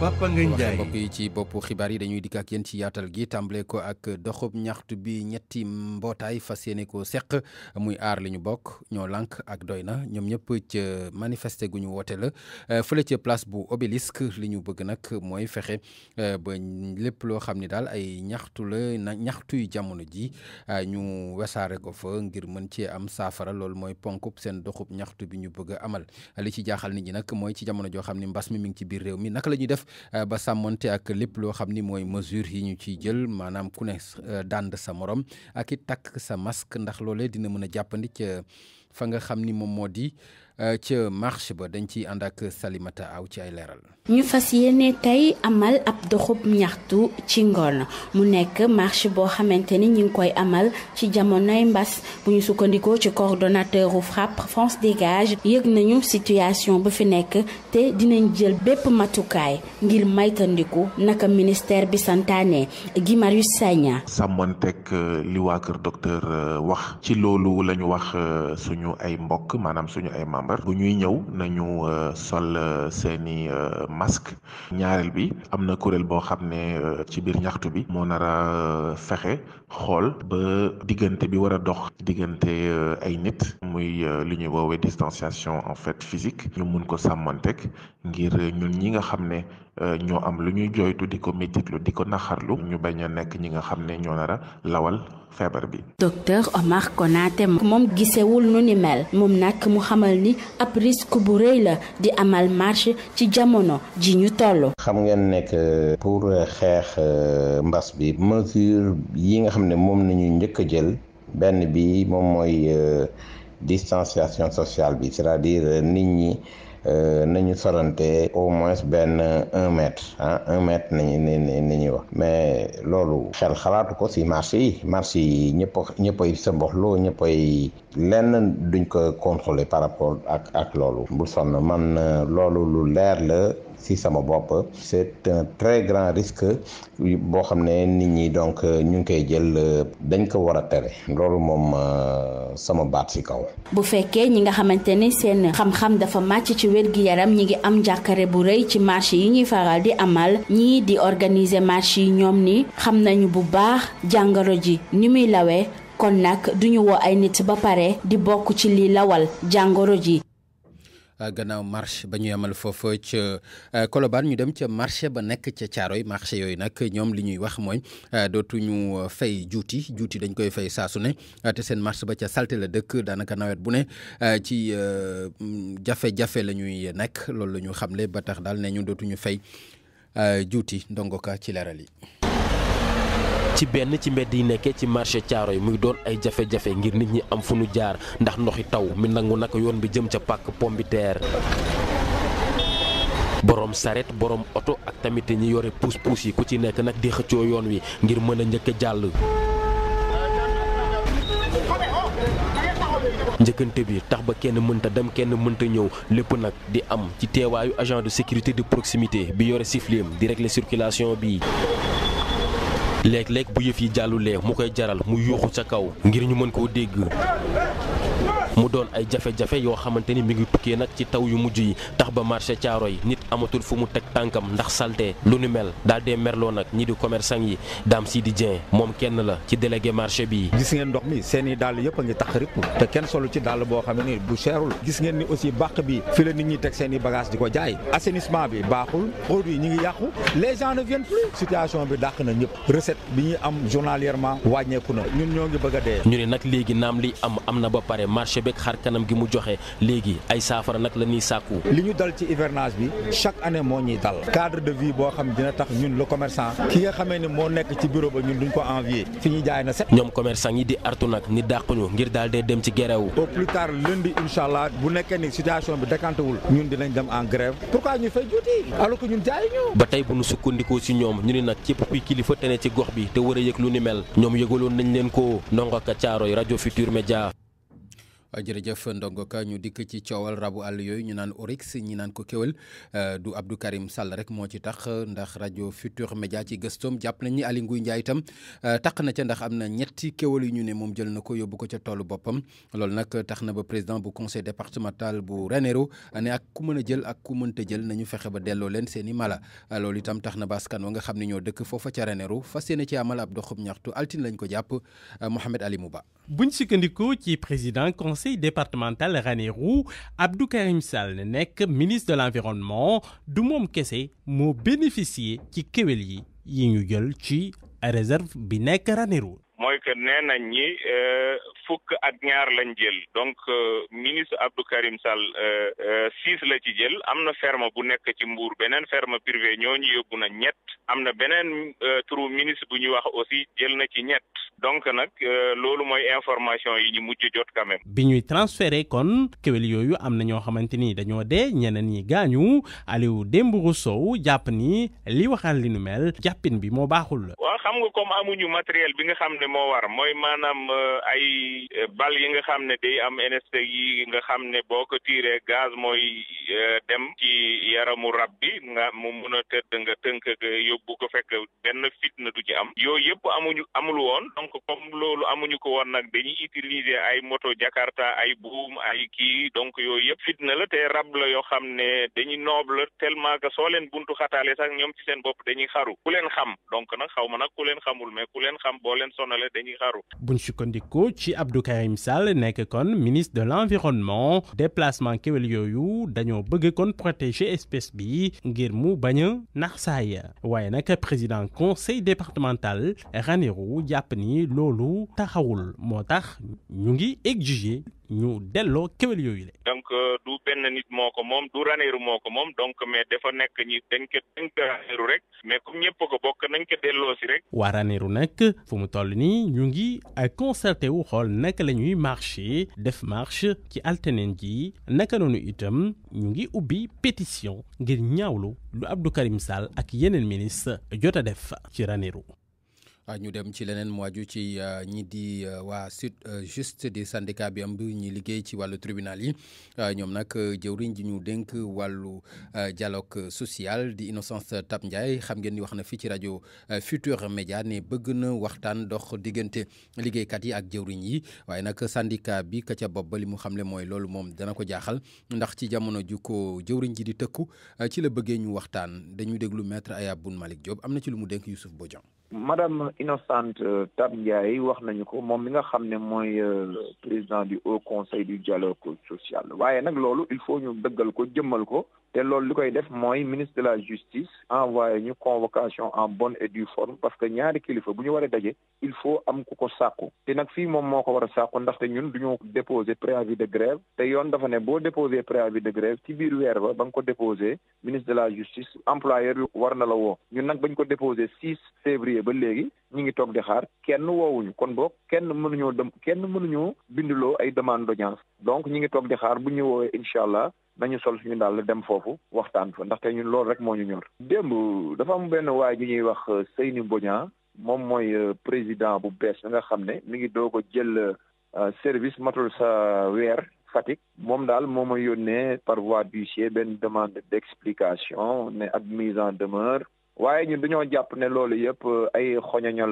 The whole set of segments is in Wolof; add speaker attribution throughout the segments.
Speaker 1: Papa Ngagne Ndiaye mbokk yi ci boppu xibaar yi dañuy dikk ak yéen ci yaatal gi tàmbale ko ak doxub ñaxtu bi ñetti mbootaay fas yéene ko seq muy aar li ñu bokk ñoo lànk ak doy na ñoom ñëpp ca manifester gu ñu woote la euh, fële ca place bu obélisque li ñu bëgg nag mooy fexe euh, ba lépp loo xam ne daal ay ñaxtu la ñaxtu ñaxtuy jamono ji euh, ñu wesaare ko fa ngir mën cee am saafara loolu mooy ponkub seen doxub ñaxtu bi ñu bëgg amal li ci jaaxal nit ñi nag mooy ci jamono joo xam ne mbas mi mi ngi ci biir réew mi naka la ñuy def def euh, ba sàmmonte ak lépp loo xam ni mooy mesure yi ñu ciy jël maanaam ku ne euh, dànd sa morom ak i takk sa masque ndax loole dina mën a jàppandi ca fa nga xam ni moom moo di Euh, ci marche ba dañ ciy ànd ak Salimata Aw ci ay leeral.
Speaker 2: ñu fas yéene tey amal ab doxub ñaxtu ci ngoon mu nekk marche boo xamante ni ñu ngi koy amal ci jamonoy mbas bu ñu sukkandikoo ci coordonnateur u FRAPP France Dégage yëg nañu situation bu fi nekk te dinañ jël bépp matukaay ngir maytandiku naka ministère bi santaane Guy Marius
Speaker 3: Sagna. sàmmanteeg euh, li waa kër docteur euh, wax ci loolu la ñu wax suñu ay mbokk maanaam suñu ay maam. novembre bu ñuy ñëw nañu euh, sol euh, seeni euh, masque ñaareel bi am na kuréel boo xam ne ci biir ñaxtu bi moo nar a fexe xool ba diggante bi war a dox diggante euh, ay nit muy euh, lu ñuy woowee distanciation en fait physique ñu mun ko sàmmanteeg ngir ñun ñi nga xam ne euh, ñoo am lu ñuy jooytu di ko métitlu di ko naxarlu ñu bañ a nekk ñi nga xam ne ñoo nar lawal feebar bi.
Speaker 2: docteur Omar Konaté moom gisewul nu ni mel moom nag mu xamal ni ab risque bu rëy la di amal marche ci jamono
Speaker 4: ji ñu toll. xam ngeen nekk pour xeex mbas bi mesure
Speaker 1: yi nga xam moom nañu njëkk a jël benn bi moom mooy euh,
Speaker 4: distanciation sociale bi c'est-à-dire euh, nit ñi euh, nañu sorante au moins benn un mètre ah un mètre nañu ni ñuy wax mais loolu xel
Speaker 1: xalaatu ko si marché yi marché yi ñëpp ñëppay sa mboxloo lenn
Speaker 4: duñ ko contrôler par rapport ak ak loolu bu sonn man loolu lu leer la si sama bopp c'est un très grand risque boo xam ne nit ñi donc ñu ngi koy jël dañ ko war a tere loolu moom euh, sama baat ci kaw.
Speaker 2: bu fekkee ñi nga xamante ni seen xam-xam dafa màcc ci wér gi yaram ñi ngi am jàkkare bu rëy ci marché yi ñuy faral di amal ñii di organiser marché yi ñoom ni xam nañu bu baax jàngoro ji ni muy lawee kon nag duñu woo ay nit ba pare di bokk ci li lawal jàngoro ji.
Speaker 1: Euh, gannaaw marché ba ñu yemal foofu ca euh, Colobane ñu dem ca marché ba nekk ca caaro yi marché yooyu nag ñoom li ñuy wax mooy euh, dootuñu fay juuti juuti dañ koy fay saasu ne te seen marché ba ca salte la dëkk daanaka nawet bu ne ci jafe-jafe la ñuy nekk loolu lañu xam le ba tax daal ne ñu dootuñu fay juuti ndongo ka ci leeral yi.
Speaker 4: ci benn ci mbedd yi nekkee ci marché caaro muy doon ay jafe-jafe ngir nit ñi am fu nu jaar ndax ndoxi taw mi nangu yoon bi jëm borom saret borom auto ak tamit ñi yore puus-puus yi ku ci nekk di yoon wi ngir mën a njëkk a jàll njëkkante bi tax ba kenn mënta dem kenn mënta ñëw di am ci teewaayu agent de sécurité de proximité bi yore sifleem di régler circulation bi léeg-léeg bu yëf yi jàllulee mu koy jaral mu yuuxu ca kaw ngir ñu mën koo dégg mu doon ay jafe-jafe yoo xamante ni mi ngi tukkee nag ci taw yu mujj yi tax ba marché yi nit amatul fu mu teg tànkam ndax salte lu nu mel daal dee merloo nag ñi di commerçant yi Dame di Dieng moom kenn la ci délégué marché bi gis ngeen ndox mi seeni dàll yëpp a ngi tax ripp te kenn solu ci dàll boo xam ne bu seerul gis ngeen ni aussi bàq bi fi la nit ñi teg seen i bagage di ko jaay assainissement bi
Speaker 5: baaxul produit ñi ngi yàqu les gens ne viennent bi dàq na ñëpp recette bi ñuy am journalièrement wàññeeku na ñun ñoo ngi bëgg a dee
Speaker 4: ñu ne nag léegi naam li am am na ba pare marché beeg xar kanam gi mu joxe léegi ay saafara nag la ñuy sàkku
Speaker 5: li ñu dal ci hivernage bi chaque année
Speaker 4: moo ñuy dal cadre
Speaker 5: de vie boo xam dina tax ñun le commerçant ki nga xamee ne moo nekk ci biro ba ñun duñ ko
Speaker 4: envier fi ñu jaay na set ñoom commerçant yi di artu nag ni dàquñu ngir daal dee dem ci gerewu au plus tard
Speaker 5: lundi incha allah bu nekkee ni situation bi décantewul ñun dinañ dem en grève
Speaker 6: pourquoi ñu fay juuti
Speaker 4: alors que ñun jaay ñu ba tey bu ñu sukkandikoo si ñoom ñu ni nag képp kuy kilifa tene ci gox bi te war a yëg lu ni mel ñoom yëgaloon nañ leen ko ndongo ka caaroy rajo Futur Média
Speaker 1: jërëjëf ndongo ka ñu dikk ci coowal rabu àll yooyu ñu naan Oryx ñi naan ko kéwél euh, du Abdou Karim Sall rek moo ci tax ndax rajo Futur Média ci gëstoom jàpp nañ ni Aly Ngouille Ndiaye itam euh, tax na ca ndax am na ñetti kéwél yu ñu ne moom jël na ko yóbbu ko ca toolu boppam loolu nag tax na ba président bu conseil départemental bu Ranérou euh, ne ak ku mën a jël ak ku mënta jël nañu fexe ba delloo leen seen i mala loolu itam tax na baskan wa nga xam ne ñoo dëkk foofa ca Ranérou fas yéene ci amal ab doxub ñaxtu altine lañ ko jàpp Mouhamed Ali Mouba
Speaker 7: buñ sukkandikoo ci président départemental Ranérou Abdou Karim Sall ministre de l'environnement du monde bénéficié mo bénéficier ci kéwél yi réserve bi
Speaker 8: mooy que nee ñi euh, fukk ak ñaar lañ jël donc euh, ministre Abdou Karim Sall euh, six la ci jël am na ferme bu nekk ci Mbour beneen ferme ñoo ñu yóbbu na ñett am na beneen turu ministre bu ñuy wax aussi jël na ci ñett donc nag loolu mooy information yi ñu mujj jot quand
Speaker 7: bi ñuy transféré kon kéwél yooyu am na ñoo xamante ni dañoo de ñeneen ñi gaañu Aliou Dembourou Sow jàpp ni li waxaan li nu mel jàppin bi moo baaxul.
Speaker 8: waaw xam nga comme amuñu matériel bi ne moo war mooy maanaam euh, ay euh, bal yi nga xam ne day am NST yi nga xam ne boo ko tiiree gaz mooy euh, dem ci yaramu rab bi nga mu mun a tëdd nga tënk yóbbu ko fekk benn fitna du ci am yooyu yëpp amuñu amul woon donc comme loolu amuñu ko woon nag dañuy utiliser ay moto Jakarta ay buum ay kii donc yooyu yëpp fitna la te rab la yoo xam ne dañuy noble tellement que soo leen buntu xataale sax ñoom ci seen bopp dañuy xaru ku leen xam donc nag xaw ma nag ku leen na la dañuy xaru.
Speaker 7: buñ sukkandikoo ci Abdou Karim Sall nekk kon ministre de l' environnement déplacement kéwél yooyu dañoo bëgg kon protéger espèce bi ngir mu bañ a nax saay président conseil départemental Ranérou jàpp ni loolu taxawul moo tax ñu ngi exiger. ñu delloo yooyu
Speaker 8: donc euh, du benn nit moo ko moom du Ranérou moo ko donc mais dafa nekk ñi dañ ko dañ ko Ranérou rek mais comme ñëpp ko bokk nañ ko delloo si rek.
Speaker 7: waa nag fu mu toll ni ñu ngi concerté wu xool naka la ñuy marché def marche ci alteneen ji naka noonu itam ñu ngi ubbi pétition ngir ñaawlu lu Abdou Karim Sall ak yeneen ministre jot a def ci
Speaker 1: Ah, ñu dem ci leneen mu aju ci ah, ñi di ah, waa sud juste di syndicat bi am bi ñi liggéey ci wàllu tribunal yi ñoom nag jëwriñ ji ñu dénk wàllu dialogue sociale di Innocence Ntap Ndiaye xam ngeen ni wax na fii ci rajo Futur Média ne bëgg na waxtaan dox diggante liggéeykat yi ak jëwriñ yi waaye nag syndicat bi ka ca bopp ba li mu xamle mooy loolu moom dana ko jaaxal ndax ci jamono ju ko jëwriñ ji di tëkku ci la bëggee ñu waxtaan dañu déglu maître Aya Boun Malick Diop am na ci lu mu dénk Youssouf Bodian
Speaker 9: madame Innocente Tab euh, Ndiaye wax nañu ko moom mi nga xam ne mooy euh, président du haut conseil du dialogue social waaye nag loolu il faut ñu dëggal ko jëmmal ko te loolu li koy def mooy ministre de la justice envoyé ñu convocation en bonne et due forme parce que ñaari kilifa bu ñu war a daje il faut am ku ko sàkku te nag fii moom moo ko war a sàkku ndaxte ñun du ñu déposé préavis de grève te yoon dafa ne boo déposé préavis de grève ci biir weer ba ba nga ko déposé ministre de la justice employeur yu war na la woo ñun nag bañ ko déposé 6 février ba léegi ñu ngi toog di xaar kenn woowuñu kon boo kenn mënuñoo dem kenn mënuñoo binduloo ay demande d'audience donc ñu ngi toog di xaar bu ñu woowee incha allah nañu sol suñu daal dem foofu waxtaan fa ndaxte ñun loolu rek moo ñu ñor. démb dafa am benn waaye ju ñuy wax euh, Seyni Mbodian moom mooy euh, président bu bees bi nga xam ne mi ngi doog jël euh, service matul sa weer Fatick. moom daal moo ma yónnee par voie d'huissier benn demande d'explication ne ak mise en demeure. waaye ñun dañoo jàpp ne loolu yëpp euh, ay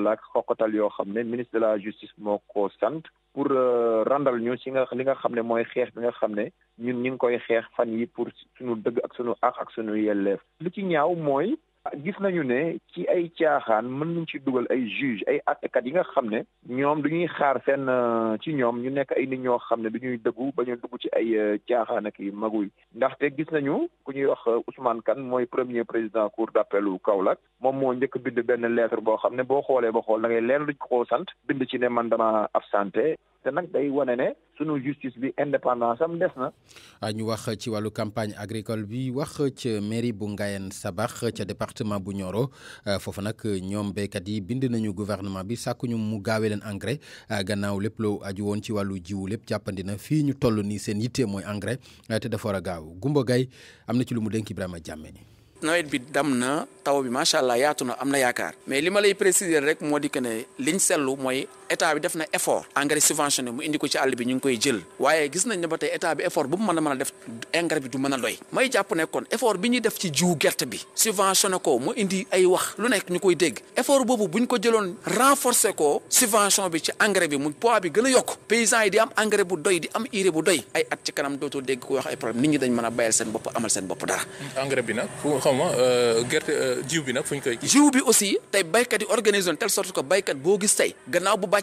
Speaker 9: la ak xoqatal yoo xam ne ministre de la justice moo ko sant pour euh, randal ñu ci nga li nga xam ne mooy xeex bi nga xam ne ñun ñu ngi koy xeex fan yi pour suñu dëgg ak suñu àq ak suñu yelleef li ci ñaaw mooy Ah, gis nañu ne ci ay caaxaan mën nañu ci dugal ay juge ay attekat yi nga xam ne ñoom du ñuy xaar seen euh, ci ñoom ñu nekk ay nit ñoo xam ne duñuy dëggu ba ñu dugg ci ay euh, caaxaan ak i maguy ndaxte gis nañu ku ñuy wax euh, Ousmane Kane mooy premier président cour d'appelu Kaolack moom moo njëkk bind benn lettre boo xam ne boo xoolee ba xool da ngay leen luñ ko sant bind ci ne man dama absenté te nag day wane ne sunu justice bi indépendance am des na.
Speaker 1: Ah, ñu wax ci wàllu campagne agricole bi wax ca mairie bu Ngayen Sabax ca département bu Nioro ah, foofu nag ñoom béykat yi bind nañu gouvernement bi sàkku ñu mu gaawee leen engrais ah, gannaaw lépp loo aju woon ci wàllu jiwu lépp jàppandi na fii ñu toll nii seen yitte mooy engrais te dafa war a gaaw Gumba gay am na ci lu mu denk Ibrahima Jàmme
Speaker 10: nawet bi dam na taw bi macha allah yaatu na am na yaakaar mais li ma moo di que ne liñ seetlu mooy état bi def na effort engrais subventionné mu indi ko ci àll bi ñu ngi koy jël waaye gis nañ ne ba tey effort bu mu mën a mën a def engrais bi du mën a doy may jàpp ne effort bi ñu ko jëloon renforcer ko subvention bi ci engrais bi mu poids bi gën a yokk paysans yi di am engrais bu doy di am urée bu doy ay at ci kanam dootoo dégg ko wax ay problème nit ñi dañ mën a bayal seen bopp amal seen bopp dara. engrais bi nag fu
Speaker 3: euh, euh, ñu koy.
Speaker 10: jiw bi aussi tey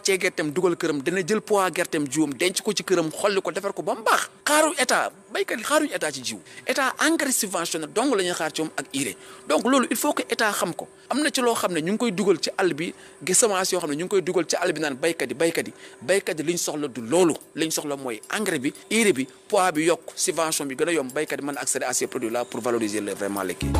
Speaker 10: ce wàccee gerteem dugal këram dana jël poids gerteem jiwam denc ko ci këram xolli ko defar ko ba mu baax xaaru état béykat yi xaaruñu état ci jiw état engrais subventionné donc la ñuy xaar ci moom ak urée donc loolu il faut que état xam ko am na ci loo xam ne ñu ngi koy dugal ci àll bi gi semence xam ne ñu ngi koy dugal ci àll bi naan béykat yi béykat yi béykat yi li ñu soxla du loolu li ñu soxla mooy engrais bi urée bi pois bi yokk subvention bi gën a yomb béykat yi man accéder à ces produits là pour valoriser le vraiment le kii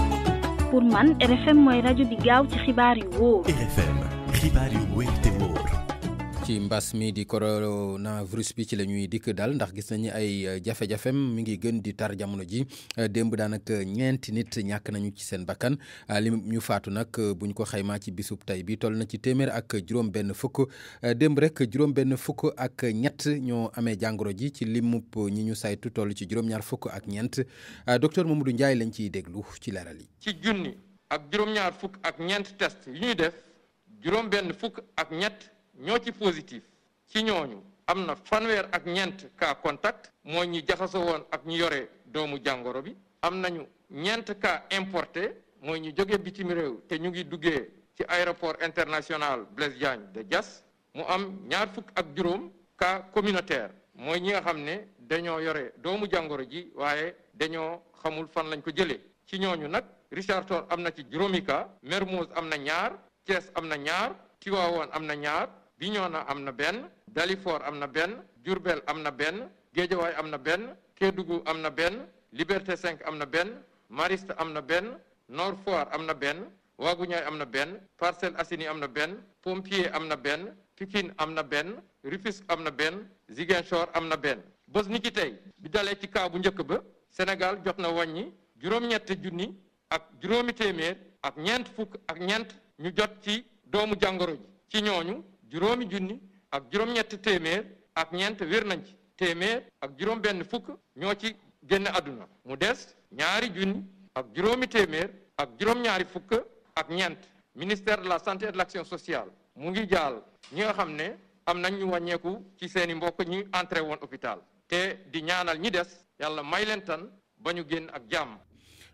Speaker 1: ci mbas mi di coronavirus bi ci la dikk daal ndax gis nañu ay jafe-jafem mi ngi gën di tar jamono ji démb daanaka ñeenti nit ñàkk nañu ci seen bakkan li ñu faatu nag bu ñu ko xaymaa ci bisub tey bi toll na ci téeméer ak juróom-benn fukk démb rek juróom-benn fukk ak ñett ñoo amee jàngoro ji ci limub ñi ñu saytu toll ci juróom fukk ak ñeent docteur Mamadou Ndiaye lañ ciy déglu ci leeral yi.
Speaker 11: ci test yi ñuy def juróom-benn fukk ak ñett. ñoo ci positif ci ñooñu am na fanweer ak ñeent cas contact mooy ñi jaxasoo woon ak ñu yore doomu jàngoro bi am nañu ñeent ka importé mooy ñu jóge bitim réew te ñu ngi duggee ci aéroport international Blaise Diagne de jas mu am ñaar fukk ak juróom cas communautaire mooy ñi nga xam ne dañoo yore doomu jàngoro ji waaye dañoo xamul fan lañ ko jëlee ci ñooñu nag Richard am na ci juróomi cas Mermoz am na ñaar Thiès am na ñaar Tivaouane am na ñaar Bignona am na benn Dalifort am na benn Diourbel am na benn Guédiawaye am na benn Kédougou am na benn Liberté 5 am na benn Mariste am na benn Nord am na benn Waaguñaay am na benn parcelle assini am na benn Pompier am na benn Pikine am na benn Rufisque am na benn Ziguinchor am na benn bés ni ki tey bi dalee ci kaw bu njëkk ba Sénégal jot na wàññi juróom-ñett junni ak juróomi téeméer ak ñeent fukk ak ñeent ñu jot ci doomu jàngoro ji ci ñooñu juróomi junni ak juróom-ñetti téeméer ak ñeent wér nañ ci téeméer ak juróom-benn fukk ñoo ci génn àdduna mu des ñaari junni ak juróomi téeméer ak juróom-ñaari fukk ak ñeent ministère de la santé de l'action sociale mu ngi jaal ñi nga xam ne am nañ ñu wàññeeku ci seen mbokk ñi entré woon hôpital te di ñaanal ñi des yàlla may leen tan ba ñu génn ak jàmm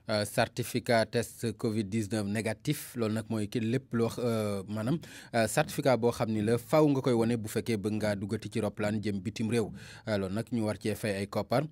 Speaker 1: Euh, certificat test Covid 19 négatif loolu nag mooy ki lépp loo euh, maanaam euh, certificat boo xam ni la faaw nga koy wane bu fekkee bëgg ngaa duggati ci roplaan jëm bitim réew loolu nag ñu war cee fay ay koppar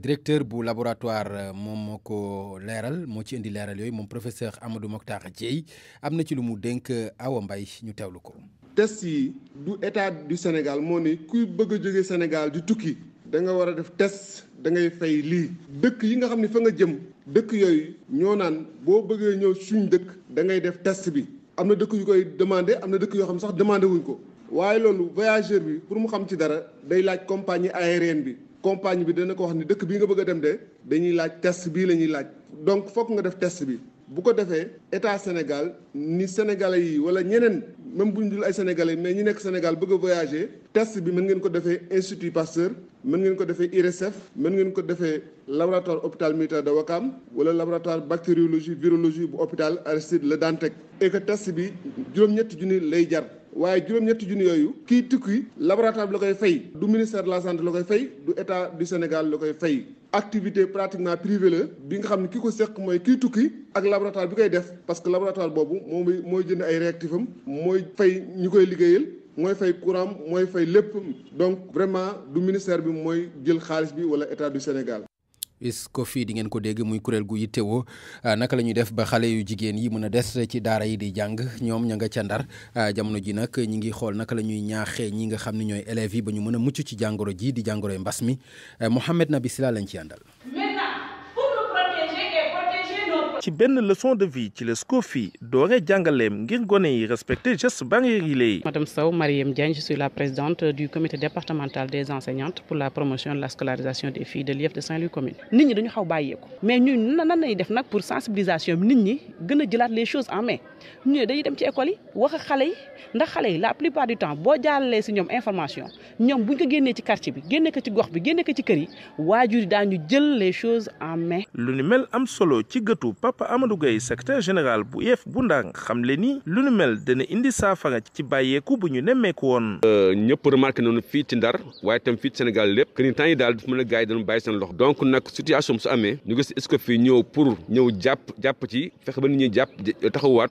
Speaker 1: directeur bu laboratoire moom moko ko leeral ci indi leeral yooyu moom professeur Amadou Mokhtar Dieye am na ci lu mu dénk Awa Mbaye ñu teewlu ko.
Speaker 12: test du état du Sénégal moo ne kuy bëgg a jóge Sénégal di tukki da nga war def test. da ngay fay lii dëkk yi nga xam ne fa nga jëm dëkk yooyu ñoo naan boo bëggee ñëw suñu dëkk da ngay def test bi am na dëkk yu koy demande am na dëkk yoo xam sax demandé wuñ ko waaye loolu voyageur bi pour mu xam ci dara day laaj compagnie aérienne bi compagnie bi dana ko wax ni dëkk bii nga bëgg a dem de dañuy laaj test bii la ñuy laaj donc fokk nga def test bi bu ko defee état Sénégal ni sénégalais yi wala ñeneen même buñ dul ay sénégalais mais ñi nekk Sénégal bëgg a voyager test bi mën ngeen ko defee institut Pasteur mën ngeen ko defee IRSF mën ngeen ko defee laboratoire hôpital militaire de wakam wala laboratoire bactériologie virologie bu hôpital Aristide Le Dantec et que test bi juróom-ñetti junni lay jar waaye juróom-ñetti junni yooyu laboratoire la koy fay du ministère de la santé la koy du Sénégal la activité pratiquement privée bi nga laboratoire parce que laboratoire boobu réactif courant fay donc vraiment du ministère bi mooy jël xaalis bi wala du Sénégal
Speaker 1: is ko fii di ngeen ko dégg muy kuréel gu yittewoo ah, naka la ñuy def ba xale yu jigéen yi mën a des ci daara yi di jàng ñoom ña nga ca ndar ah, jamono ji nag ñi ngi xool naka la ñuy ñaaxee ñi nga xam ne ñooy élèves yi ba ñu mën a mucc ci jàngoro ji di jàngoroy mbas mi eh, Mouhamed
Speaker 3: Nabi Sila lañ ci àndal ci benn leçon de vie ci le SCOFI doore jàngaleem ngir gone yi respecter gestes barrière yi lay Madame Sow
Speaker 13: Mariam Diagne je suis la présidente du comité départemental des enseignantes pour la promotion de la scolarisation des filles de l'IEF de Saint-Louis commune nit ñi dañu xaw bàyyeeku mais ñu nan lay def nag pour sensibilisation bi nit ñi gën a jëlaat les choses en main ñun dañuy dem ci école yi wax ak xale yi ndax xale yi la plupart du temps boo jaaralee si ñoom information ñoom buñ ko génnee ci quartier bi génne ko ci gox bi génne ko ci kër yi waajur yi daañu jël les choses en main.
Speaker 3: lu ni mel am solo ci gëtu papa Amadou Gueye secrétaire général bu IEF bu Ndang xam le ni lu ni mel dana indi saafara ci bàyyeeku bu ñu
Speaker 12: nemmeeku woon. Euh, ñëpp remarqué nañu fii ci Ndar waaye tam fii ci Sénégal lépp que ni temps yi daal dafa yi dañu bàyyi seen loxo donc nag situation su amee ñu gis est-ce que fii ñëw pour ñëw jàpp jàpp ci fexe ba nit ñi jàpp taxawaat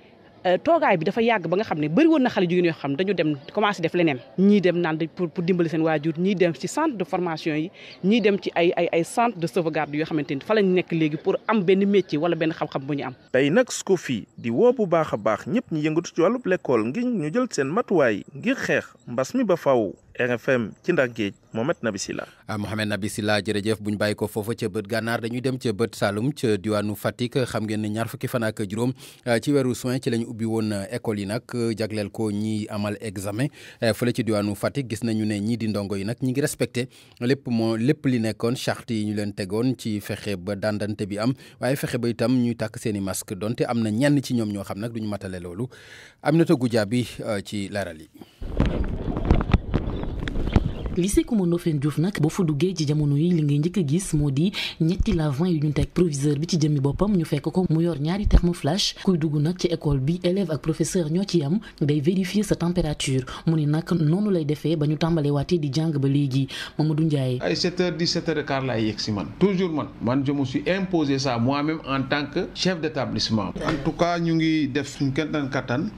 Speaker 13: Euh, toogaay bi dafa yàgg ba nga xam ne bëri woon na xale jigéen yoo xam dañu dem commencé def leneen ñii dem naan pour pour dimbali seen waajur ñii dem ci centre de formation yi ñii dem ci ay ay ay centre de sauvegarde yoo xamante ni fa lañ nekk léegi pour am benn métier wala benn xam-xam bu ñu am
Speaker 3: tey nag fii di woo bu baax a baax ñëpp ñi yëngatu ci wàllub lekkool ngir ñu jël seen matuwaay ngir xeex mbas mi ba faw
Speaker 1: RFM ci ndax géej Mohamed Nabi Silla ah Mohamed Nabi Silla jërëjëf buñ ñu bàyyi ko foofa ca bët gànnaar dañuy dem ci bët Saloum ci diwanu Fatick xam ngeen ne ñaar fukki fan ak juroom ah, ci wëru soin ci lañu ñu ubbi woon ah, école yi nak ah, jagleel ko ñi amal examen fële ci diwanu Fatick gis nañu ne ñi di ndongo yi nak ñi ngi respecté lépp mo lépp li nekkon charte yi ñu leen tegoon ci fexé ba dandante bi am waye fexé ba itam ñuy tak seen masque donte amna ñenn ci ñom ñoo xam nak duñu matalé lolu loolu Aminata Goudia bi ci leeral yi
Speaker 14: lycée Coumba Ndoffène Diouf nak boo fa duggee ci jamono yi li ngay ñëk gis moo di ñetti l'avant yu ñu tek proviseur bi ci jëmmi bopam ñu fekk ko mu yor ñaari thermoflash kuy duggu nak ci école bi élève ak professeur ño ci yam day vérifier sa température mu ni nag noonu lay défé ba ñu tambalé waatee di jang ba léegi Mamadou Ndiaye.
Speaker 12: ay 7h 17h15 laay yegg si man toujours man man je me suis imposé ça moi-même en tant que chef d'établissement. en tout cas ñu ngi def suñu katan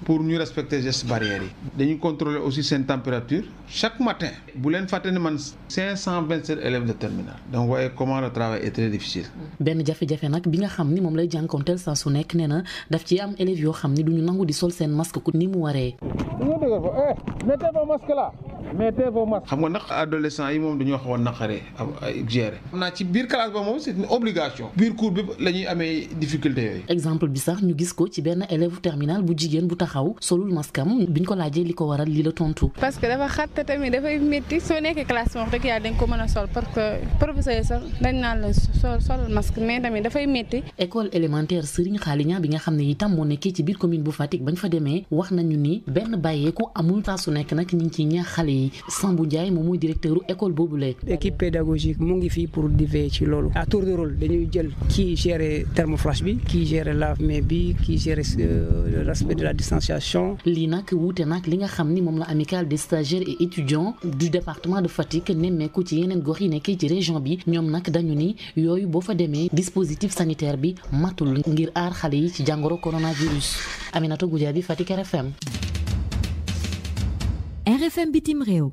Speaker 12: pour ñu respecter gestes barrières yi. dañu contrôler aussi seen température chaque matin bu leen leen man 527 élèves de terminale donc voyez comment le travail est très difficile.
Speaker 14: ben jafé jafé nak bi nga xamni mom lay jankontel sa su nek néna daf ci am élèves yo xamni duñu nangou di sol sen masque ku ni mu waree. Eh, mettez vos masques là mettez vos
Speaker 12: masques. xam nga nak adolescents yi mom dañu xaw a ay gérer. xam ci biir classe ba mom c'est une obligation. biir cours bi lañuy amé difficulté yoy
Speaker 14: exemple bi sax ñu gis ko ci ben élève terminal bu jigen bu taxaw solul am biñ ko lajé liko waral li la tontu. parce que dafa xat tamit dafay
Speaker 13: metti soo nekkee classe wax dëgg yàlla dañ ko mën a sol parce que professeur sax dañ naan la sol solal
Speaker 14: masque mais tamit dafay métti. école élémentaire Serigne Khaliña bi nga xam ne itam moo nekkee ci biir commune bu Fatick bañ fa demee wax nañu ni benn bàyyeeku amul tasu nekk nag ñu ngi ciy ñaax xale yi Sambou Ndiaye moom mooy directeur école boobu la. équipe pédagogique mu ngi fii pour di ci loolu à tour de rôle
Speaker 6: dañuy jël kii gérer thermoflash bi kii gérer lave-mains bi kii gérer euh, le respect de la distanciation.
Speaker 14: lii nag wuute nag li nga xam ni moom la amical des stagiaires et étudiants du département. département de Fatick nemmeeku ci yeneen gox yi nekkee ci région bi ñoom nag dañu ni yooyu boo fa demee dispositif sanitaire bi matul ngir aar xale yi ci jàngoro coronavirus Aminata Goudiaby Fatick RFM bi bitim réew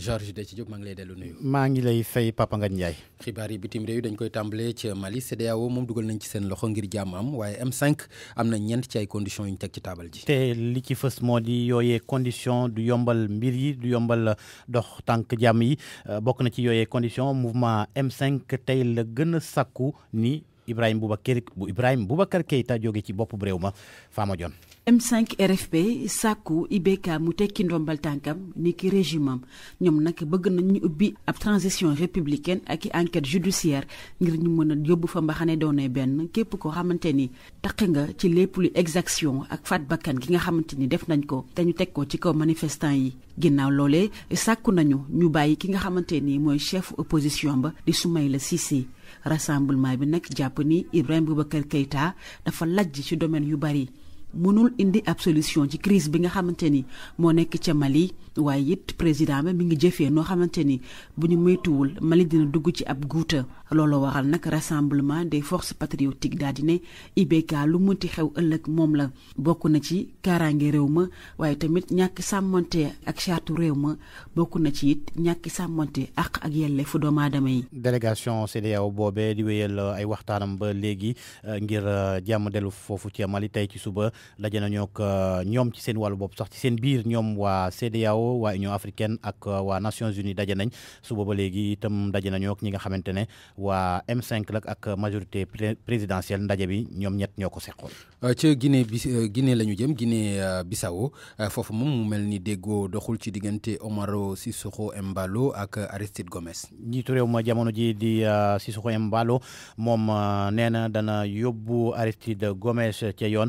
Speaker 1: Georges de Diop maa ngi lay delu nuyu. maa ngi lay fay Papa nga Ndiaye. xibaari bitim réew dañ koy tambalé ci Mali CDAO e mom duggal nañ ci seen loxo ngir am M5 amna ñent ci ay conditions yu Tel ci table ji.
Speaker 15: té li ci di du yombal mbir yi du yombal dox tank jàmm yi euh, bok na ci yoyé condition mouvement M5 tel la gën sakku ni Ibrahim Boubacar bu Ibrahim Boubacar Keita jóge ci bopp réew ma Fama jonne
Speaker 16: M5 RFP sàkku IBK mu tekki ndombal tànkam ni ki régime ñoom nag bëgg nañ ñu ubbi ab transition républicaine ak i enquête judiciaire ngir ñu mën a yóbbu fa mbaxane doone benn képp ko xamante ni taq nga ci lépp lu exaction ak faat bakkan gi nga xamante ni def nañ ko te ñu teg ko ci kaw manifestant yi ginnaaw loole sàkku nañu ñu bàyyi ki nga xamante ni mooy chef opposition ba di Soumaïla Cissé rassemblement bi nag jàpp ni Ibrahima Boubacar Keïta dafa lajj ci domaine yu bari mënul indi ab solution ci crise bi nga xamante ni moo nekk ca Mali waaye it président bi mi ngi jëfee noo xamante ni bu ñu moytuwul Mali dina dugg ci ab guuta looloo waral nag rassemblement des forces patriotiques daal di ne IBK lu munti xew ëllëg moom la bokk na ci kaaraange réew ma waaye tamit ñàkk sàmmante ak chartu réew ma bokk na
Speaker 15: ci it ñàkk sàmmante ak ak yelleefu doomu aadama yi. délégation CEDEAO boobee di wéyal ay waxtaanam ba léegi ngir jàmm dellu foofu ci Mali ci suba. daje nyok nyom ñoom ci seen wàllu bopp sax ci seen biir ñoom waa CEDEAO waa Union africaine ak waa Nations Unies daje nañ suba ba léegi itam daje nañoo ak ñi nga ne waa M5 lak
Speaker 1: ak majorité présidentielle ndaje bi nyat ñett ñoo ko seqoon. Euh, ca Guinée bi euh, Guinée la ñu jëm Guinée euh, Bissau foofu moom mu mel ni doxul ci Omaro Sissoko Embalo ak Aristide Gomes.
Speaker 15: njiitu réew ma jamono ji di Sissoko Embalo mom nee dana yobu Aristide Gomes ca yoon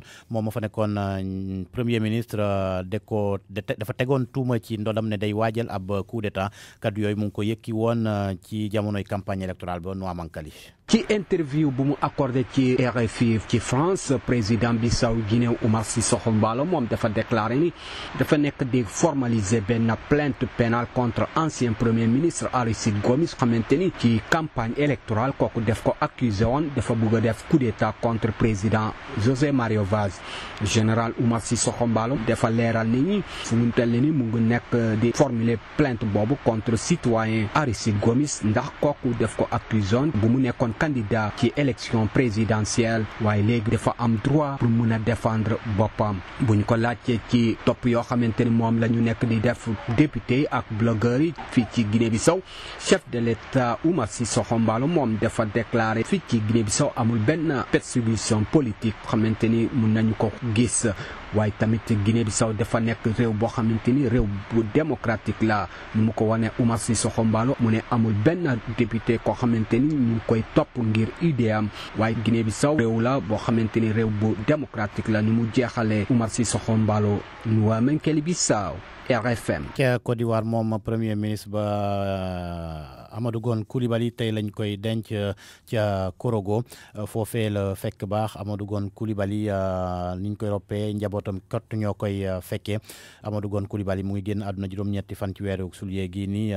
Speaker 15: fa dafa nekkoon euh, premier ministre euh, de ko dafa tegoon tuuma ci ndoodam ne day waajal ab coup d'état kaddu yooyu mu ngi ko yëkki woon euh, ci jamonoy campagne électorale ba Noamankali
Speaker 17: Qui interview bu mu accordé ci RFI ci France président Bissau Guinée Oumassi Sissoko Embaló moom dafa déclaré ni dafa nek di formaliser ben plainte pénale contre ancien premier ministre Aristide Gomis a maintenu ci campagne électorale quoi def ko accusé on dafa bëgg def coup d'état contre président José Mario Vaz général Oumassi Sissoko Embaló dafa leeral ni ñi fu mu ni formuler plainte bobu contre citoyen Aristide Gomis ndax kooku def ko accusé on, bu mu candidat qui élection présidentielle waaye léegi dafa am droit pour mun défendre Bopam. buñ ko qui ci topp yoo xamante ni moom la ñu nekk di def député ak blogueur Fiti ci guinée chef de l'État Oumar Sissoco Embaló moom dafa déclaré fi ci Guinée-Bissau amul persécution politique xamante maintenir nañu ko gis waaye tamit gine bi saw dafa nekk réew boo xamante ni réew bu démocratique la ñu mu ko wane Oumar Sissoko Embaló mu ne amul benn député koo xamante ni mu ngi koy topp ngir idée am waaye Guinée Bissau réew la boo xamante ni réew bu démocratique la ni mu jeexalee Oumar Sissoko Embaló ñu waa bi Bissau RFM. ca Côte d'Ivoire moom premier
Speaker 15: ministre ba euh, Amadou Gon Coulibaly tey lañ koy denc euh, ca Korogo euh, foofee la fekk baax Amadou Gon Coulibaly niñ koy roppee njabootam kott ñoo koy fekkee Amadou Gon Coulibaly mu ngi génn àdduna juróom-ñetti fan ci weeru gii nii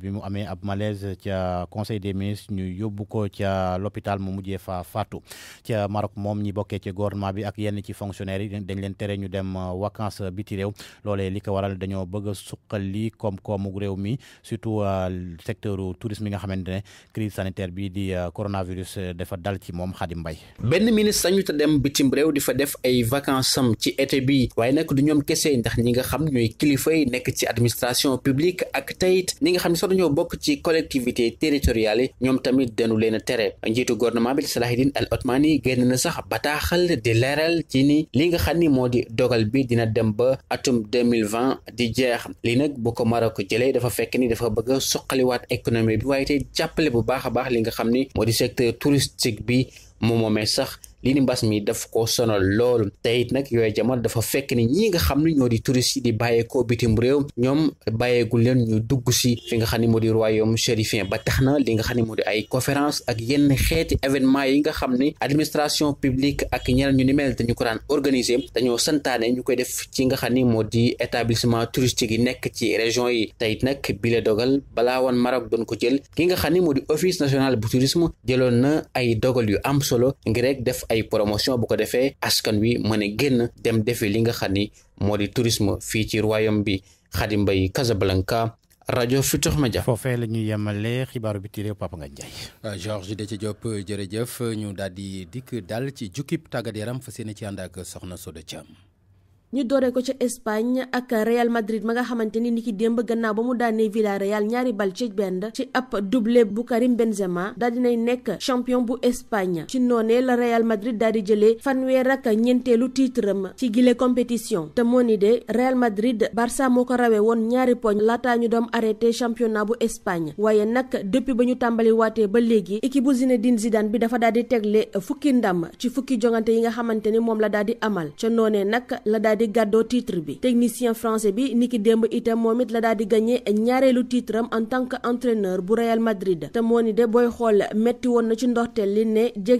Speaker 15: bi mu amee ab malaise ca conseil des ministres ñu yóbbu ko ca l'hôpital mu mujjee fa fatou ca Maroc moom ñi bokkee ci gouvernement bi ak yenn ci fonctionnaire yi dañ leen tere ñu dem vacances biti réew loolee li waral ñoo bëgg a suqali koom-koomu réew mi surtout secteur tourisme nga xamante ne crise sanitaire bi di coronavirus
Speaker 6: dafa dal ci moom Xadim Mbay benn ministre sañu te dem bitim réew di fa def ay vacances am ci été bi waaye nag du ñoom kese ndax ñi nga xam ñooy kilifa yi nekk ci administration publique ak tayit ñi nga xam ne sax dañoo bokk ci collectivité territoriale yi ñoom tamit dañu leen a tere njiitu gouvernement bi di Salahidine Al Otmani génn na sax bataaxal di leeral ci ni li nga xam ni moo di dogal bi dina dem ba atum 2020 di di jeex lii nag bu ko Maroc jëlee dafa fekk ni dafa bëgg soqaliwaat suqaliwaat économie bi waaye te jàppale bu baax a baax li nga xam ni moo di secteur touristique bi mu moomee sax li ni mbas mi daf ko sonal loolu te it nag yooyu jamono dafa fekk ni ñi nga xam ne ñoo di turist yi di bàyyeekoo bitim réew ñoom bàyyeegul leen ñu dugg si fi nga xam ne moo di royaume chérifien ba tax na li nga xam ne moo di ay ak yenn xeeti événement yi nga xam ne administration publique ak ñeneen ñu ni mel ñu ko daan organiser dañoo santaane ñu koy def ci nga xam ni moo di établissement touristique yi nekk ci région yi te nag bi la dogal balaa woon Maroc doon ko jël ki nga xam ne moo di office national bu tourisme jëloon na ay dogal yu am solo ay promotion bu ko defee askan wi mën a génn dem defi li nga xam ni moo di tourisme fii ci royaume bi Xadim Mbaye Casablanca rajo Futur Media. foofee la ñuy yemale xibaaru bi tiré Papa Ngagne Ndiaye.
Speaker 1: Ah, Georges Déthié Diop jërëjëf ñu daal di dikk daal ci jukkib tàggat yaram fas yéene ci ànd ak Soxna Soda Thiam.
Speaker 16: ñu dooree ko ca Espagne ak Real Madrid ma nga xamante ni niki démb gannaaw ba mu daanee villa Villarreal ñaari bal ci benn ci ab doublé bu Benzema daal dinay nekk champion bu Espagne ci noonee la Real Madrid daal di jëlee fanweer ak ñeenteelu titre am ci gile compétition te moo ni de Real Madrid Barça moo ko rawee woon ñaari poñ laataa ñu doon arrêté championnat bu Espagne waaye nag depuis ba ñu tàmbali waatee ba léegi équipe bu Zinedine Zidane bi dafa daal di tegle fukki ndam ci fukki jongante yi nga xamante ni moom la daal di amal daal di gàddoo titre bi technicien français bi niki démb itam moom it la daal di gagné ñaareelu titre am en tant que entraîneur te moo ni de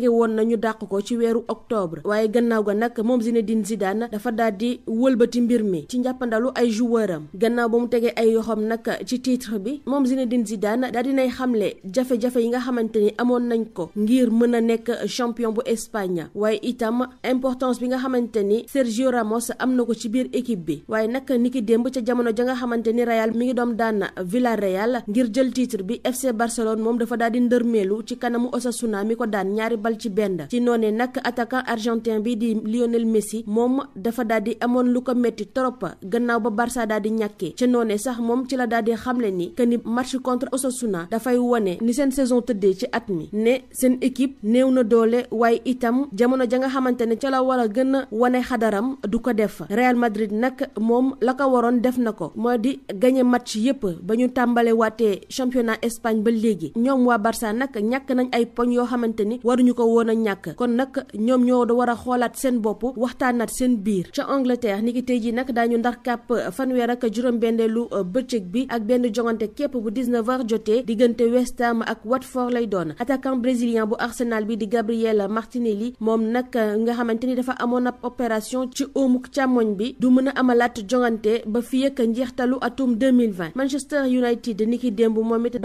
Speaker 16: woon na ñu dàq ko ci weeru octobre waaye gannaaw ga nag moom Zinedine Zidane dafa daal di wëlbati mbir mi ci njàppandalu ay joueuram gannaaw ba mu tegee ay yoxam nag ci titre bi moom Zinedine Zidane daal nay xamle jafe-jafe yi nga xamante ni amoon nañ ko ngir mën a nekk champion bu Espagne waaye itam importance bi nga xamante ni Sergio Ramos am na ko ci biir équipe bi waaye nag ni démb ca jamono ja nga xamante ni Real mi ngi doon daan Villarreal ngir jël titre bi FC Barcelone moom dafa daal di ndërmeelu ci kanamu Osasuna mi ko daan ñaari bal ci benn ci noonee nag attaquant argentin bi di Lionel Messi moom dafa daal di amoon lu ko métti trop gannaaw ba Barça daal di ñàkkee ca noonee sax moom ci la daal di xamle ni que ni match contre Osasuna dafay wone ni seen saison tëddee ci at mi ne seen équipe néew na doole waaye itam jamono ja nga xamante ne ca la war a gën a wane xadaram du ko fa Real Madrid nag moom la ko waroon def na ko moo di gagné match yëpp ba ñu tàmbale waatee championnat Espagne ba léegi ñoom waa Barça nag ñàkk nañ ay poñ yoo xamante ni waruñu ko woon a ñàkk kon nag ñoom ñoo war a xoolaat seen bopp waxtaanaat seen biir ca Angleterre ni ki tey jii nag daañu ndar kàpp fanweer ak juróom-benneelu bëccëg bi ak benn jongante képp bu 19h jotee diggante West Ham ak wat Watford lay doon attaquant brésilien bu Arsenal bi di Gabriel Martinelli moom nag nga xamante ni dafa amoon càmmoñ bi du mën a amalaat jongante ba fii ak njeextalu atum 2020 Manchester United moom it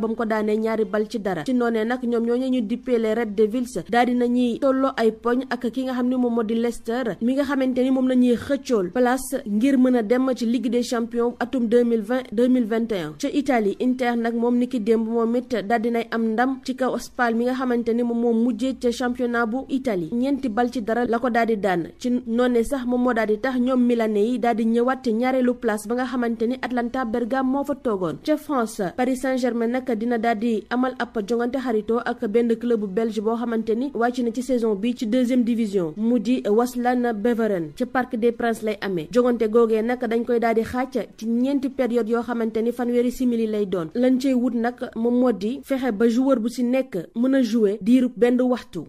Speaker 16: ba mu ko daanee ñaari bal ci dara ci noonee nag ñoom ñoo ñu dippee les Red Devils daal dinañuy tolloo ay poñ ak ki nga xam ne moom moo di Leicester mi nga xamante ni moom la ñuy xëccool place ngir mën a dem ci Ligue des champions atum ca Italie Inter nag moom ni ki moom it daal dinay am ndam ci kaw Spal mi nga xamante ni moom moo mujjee ca championnat bu Italie ñeenti bal bal ci dara la ko daal di daan ci noonee sax moom moo daal di tax ñoom milanais yi daal di ñëwaat ci ñaareelu place ba nga xamante ni Atalanta Bergame moo fa toogoon ca France Paris Saint-Germain nag dina daal di amal ab jongante xaritoo ak benn club belge boo xamante ni wàcc na ci saison bi ci deuxième division mu di was Waslan Beveren ci Parc des Princes lay amee jongante googee nag dañ koy daal di xaaj ci ñeenti période yoo xamante ni fanweeri simili lay doon lañ cey wut nag moom moo di fexe ba joueur bu si nekk mën a jouer diiru benn waxtu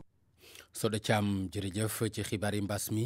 Speaker 1: Soda Thiam jërëjëf ci yi mbas mi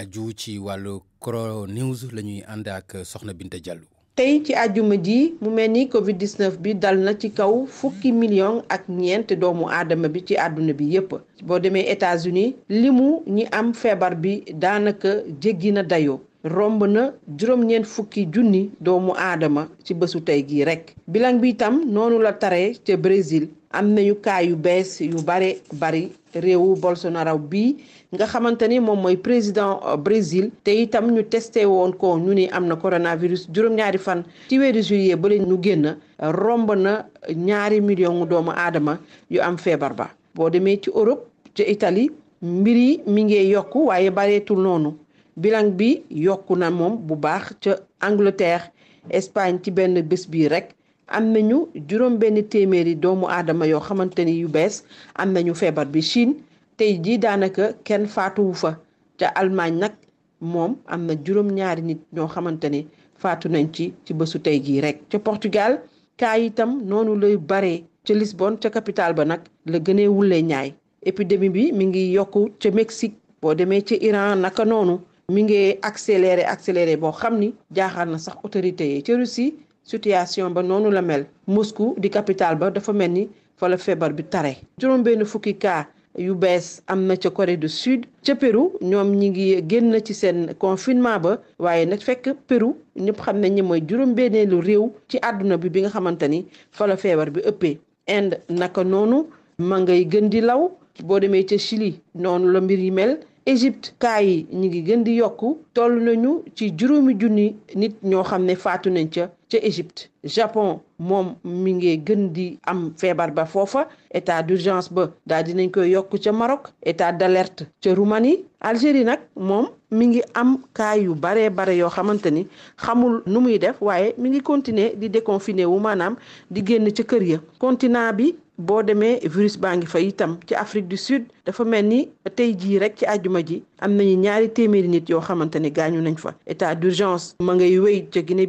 Speaker 1: aju ci wàllu Coro News la ñuy ànd ak Soxna bind Diallo.
Speaker 18: tey ci àjjuma ji mu mel ni Covid 19 bi dal na ci kaw fukki million ak ñeent doomu aadama bi ci àdduna bi yépp boo demee États-Unis mu ñi am feebar bi daanaka jéggi na dayoo. romb na juróom-ñeent fukki junni doomu aadama ci bésu tey gii rekk bilan bi itam noonu la tare ca Brésil am nañu kaa yu bees yu bare bari réewu Bolsonaro bii nga xamante ni moom mooy président euh, Brésil te itam ñu teste woon ko ñu ni am na coronavirus juróom-ñaari fan ci weeru juillet ba leen ñu génn romb na ñaari million doomu aadama yu am feebar ba boo demee ci Europe ci Italie mbir yi mi ngi yokku waaye bareetul noonu bilan bi yokku na moom bu baax ca Angleterre Espagne ci benn bés bii rek am nañu juróom benn téeméeri doomu aadama yoo xamante ni yu bees am nañu feebar bi Chine tey jii daanaka kenn faatuwu fa te Allemagne nag moom am na juróom ñaari nit ñoo xamante ni faatu nañ ci ci bésu tey jii rek. ca Portugal kaa itam noonu lay bare ca Lisbonne ca capitale ba nag la gënee wulee ñaay épidémie bi mi ngi yokku ca Mexique boo demee ci Iran naka noonu mi ngi accéléré accéléré boo xam ni jaaxal na sax autorité yi ca Russie. situation ba noonu la mel Moscou di capital ba dafa mel ni fa feebar bi tare juróom benn fukki cas yu bees am na ca Corée du Sud ca Pérou ñoom ñi ngi génn ci seen confinement ba waaye nag fekk Pérou ñëpp xam ne ñi mooy juróom benneelu réew ci àdduna bi bi nga xamante ni fa feebar bi ëppee Inde naka noonu ma ngay gën di law boo demee ca Chili noonu la mbir yi mel Égypte cas yi ñi ngi gën di yokku toll nañu ci juróomi junni nit ñoo xam ne faatu nañ ca ca Égypte Japon moom mi ngi gën di am feebar ba foofa état d'urgence ba daal dinañ koy yokk ca Maroc état d'alerte ca Roumanie Algérie nag moom mi ngi am cas yu baree bare yoo xamante ni xamul nu muy def waaye mi ngi continuer di déconfiner wu maanaam di génn ca kër ya continent bi boo demee virus baa ngi fa itam ci Afrique du Sud dafa mel ni tey jii rek ci ajuma ji am nañu ñaari téeméeri nit yoo xamante ni gaañu nañ fa état d'urgence ma ngay wéy ca Guinée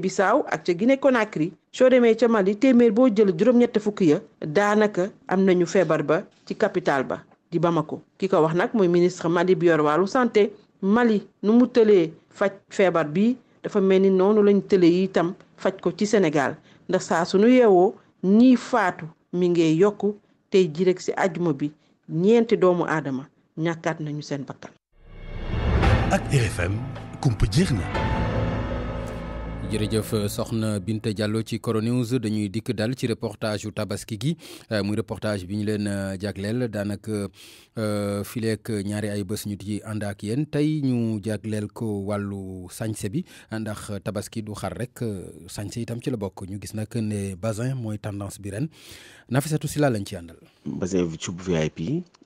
Speaker 18: Guinée Conakry soo demee ca Mali téeméer boo jël juróom-ñett fukk ya daanaka am nañu feebar ba ci capital ba di ko ki ko wax nag mooy ministre Mali bi yor wàllu santé Mali nu mu tëlee faj feebar bi dafa mel ni noonu lañ tëlee itam faj ko ci Sénégal ndax saa suñu yeewoo ñiy faatu mi ngay yokk tey ji ci si àjjuma bi ñeenti doomu aadama ñàkkaat nañu seen bakkan.
Speaker 1: jërëjëf euh, soxna Binta jàlloo ci Coronews dañuy dikk dal ci reportage yu tabaski gi euh, muy reportage bi ñu leen euh, jagleel daanaka fileek ñaari ay bés ñu di ànd ak yéen tey ñu jagleel ko wàllu sañse bi ndax tabaski du xar rek sañse itam ci la bokk ñu gis nag ne bazin mooy tendance bi ren si Sylla
Speaker 4: lañ ci àndal. bazin bu VIP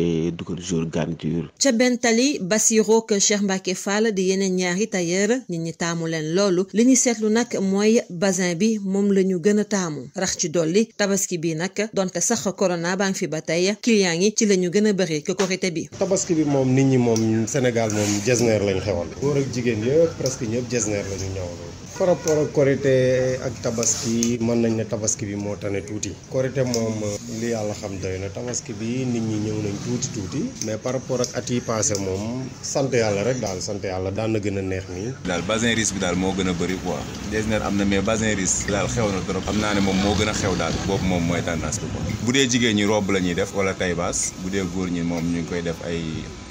Speaker 4: crochet dugal jour garniture.
Speaker 19: ca benn tali Basiro ak Cheikh Mbacke Fall di yeneen ñaari tailleur nit ñi taamu leen loolu li ñu seetlu nag mooy basin bi moom la ñu gën a taamu rax ci dolli tabaski bi nag donte sax corona baa ngi fi ba tey client yi ci la ñu gën a bëri que korité bi. tabaski
Speaker 4: bi moom nit ñi moom Sénégal moom jésneer lañ xewal. góor ak jigéen yëpp presque ñëpp jésneer la ñu ñëwal. par ak korite ak tabaski mën nañ ne tabaski bi moo tane tuuti korite moom li yàlla xam doy na tabaski bi nit ñi ñëw nañ tuuti tuuti mais par rapport ak ati yi moom sant yàlla rek daal sant yàlla daan na gën a neex nii daal basin riche bi daal moo gën a bëri quoi desineer am na mais basin riche daal xew na trop am naa ne moom moo gën a xew daal boobu moom mooy tendance bi quoi bu dee jigéen ñi robe la ñuy def wala taybaas bu dee góor ñi moom ñu ngi koy def ay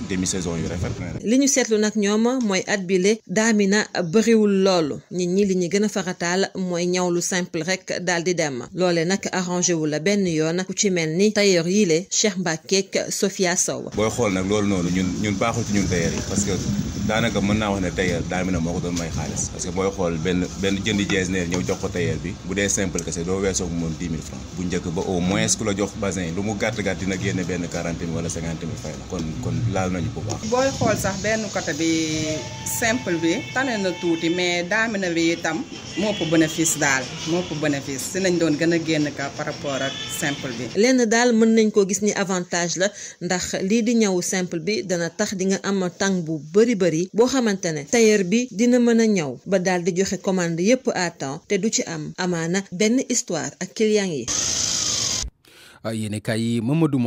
Speaker 4: demi saison yu rafet.
Speaker 19: li ñu sétlu nak ñom moy at bile daamina bëriwul loolu nit ñi li ñu gën a farataal mooy simple rek daal di dem lolé nak arrangé wu la benn yoon ku ci melni tailleur yi la Cheikh Mbackeek sofia Sow.
Speaker 4: boy xol nak loolu nonu ñun ñun baaxul ci ñun tailleur yi parce que danaka mën naa wax ne tailleur damina moko ko doon may xaalis parce que booy xool benn benn jëndi jeesneer ñew jox ko tailleur bi bu dé simple kese do weesoo moom 10 000 francs bu njëkk ba au moins ku la jox bazin lu mu gatt gàtt dina génné benn 40000 wala 50000 francs kon kon la jaaxal nañu
Speaker 13: booy xool sax
Speaker 18: benn côté bi simple bi tane na tuuti mais daamina bi itam moo ko
Speaker 19: bénéfice daal moo ko bénéfice si nañ doon gën a génn ka par rapport ak simple bi. lenn daal mën nañ ko gis ni avantage la ndax lii di ñaw simple bi dana tax di nga am tàng bu bëri bëri boo xamante ne tailleur bi dina mën a ñaw ba daal di joxe commande yépp à temps te du ci am amaana benn histoire ak client yi.
Speaker 1: Euh, yéene kaay yi Mamadou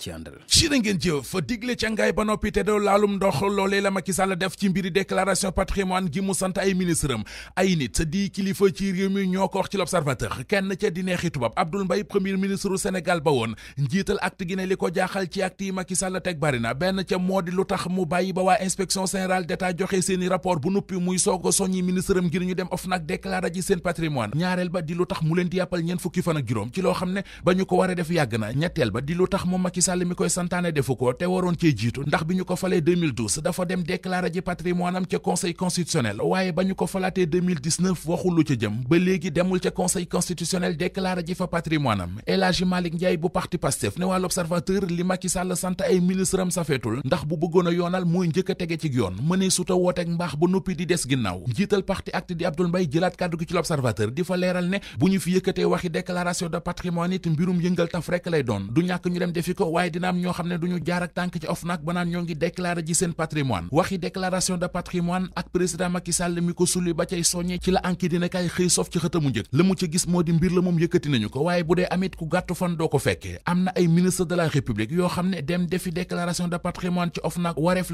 Speaker 1: ci àndal
Speaker 3: ci na ngeen jëf fa digle ca ngaay ba noppi te doo laalum ndox loolee la Macky def ci mbiri déclaration patrimoine gi mu sant ay ministre ay nit di kilifa ci réew mi ñoo ko wax ci l'observateur kenn ca di neexi tubaab Abdoul Mbaye premier ministre u ba woon njiital acte gi ne li ko jaaxal ci acte yi Macky Sall teg bari benn ca moo di lu tax mu bàyyi ba waa inspection générale d'État joxe seeni rapport bu nuppi muy soog a soññi ministre am ngir ñu dem ba di lu tax mu leen di yàppal ñeen fukki fan ak juróom ci loo def yàgg na ñetteel ba di lu tax moom Macky Sall mi koy santaane defu ko te waroon cee jiitu ndax bi ñu ko falee dafa dem déclaré ji patrimoine ca conseil constitutionnel waaye ba ñu ko falaatee 2019 ca jëm ba léegi demul ca conseil constitutionnel déclaré ji fa patrimoine am El Hadji bu parti Pastef ne waa l'observateur li Macky Sall sant ay ministre am safeetul ndax bu bëggoon a yoonal mooy njëkk a tege ci yoon mënee suta wooteeg mbaax ba noppi di des ginnaaw njiital di Abdoul Mbaye jëlaat kàddu gi ci l'observateur coowal lay doon du ñàkk ñu dem defi ko waaye dina am ñoo xam ne du jaar ak tànk ci OFNAC ba naan ñoo ngi déclaré ji seen patrimoine waxi déclaration de patrimoine ak président Macky mi ko suli ba cay soññe ci la enquête xëy sof ci xëtamu njëkk la mu ci gis moo di mbir la moom yëkkati nañu ko waaye bu dee amit ku gàttu fan doo ko fekkee am na ay ministre de la république yoo xam ne dem defi déclaration de patrimoine ci OFNAC wareef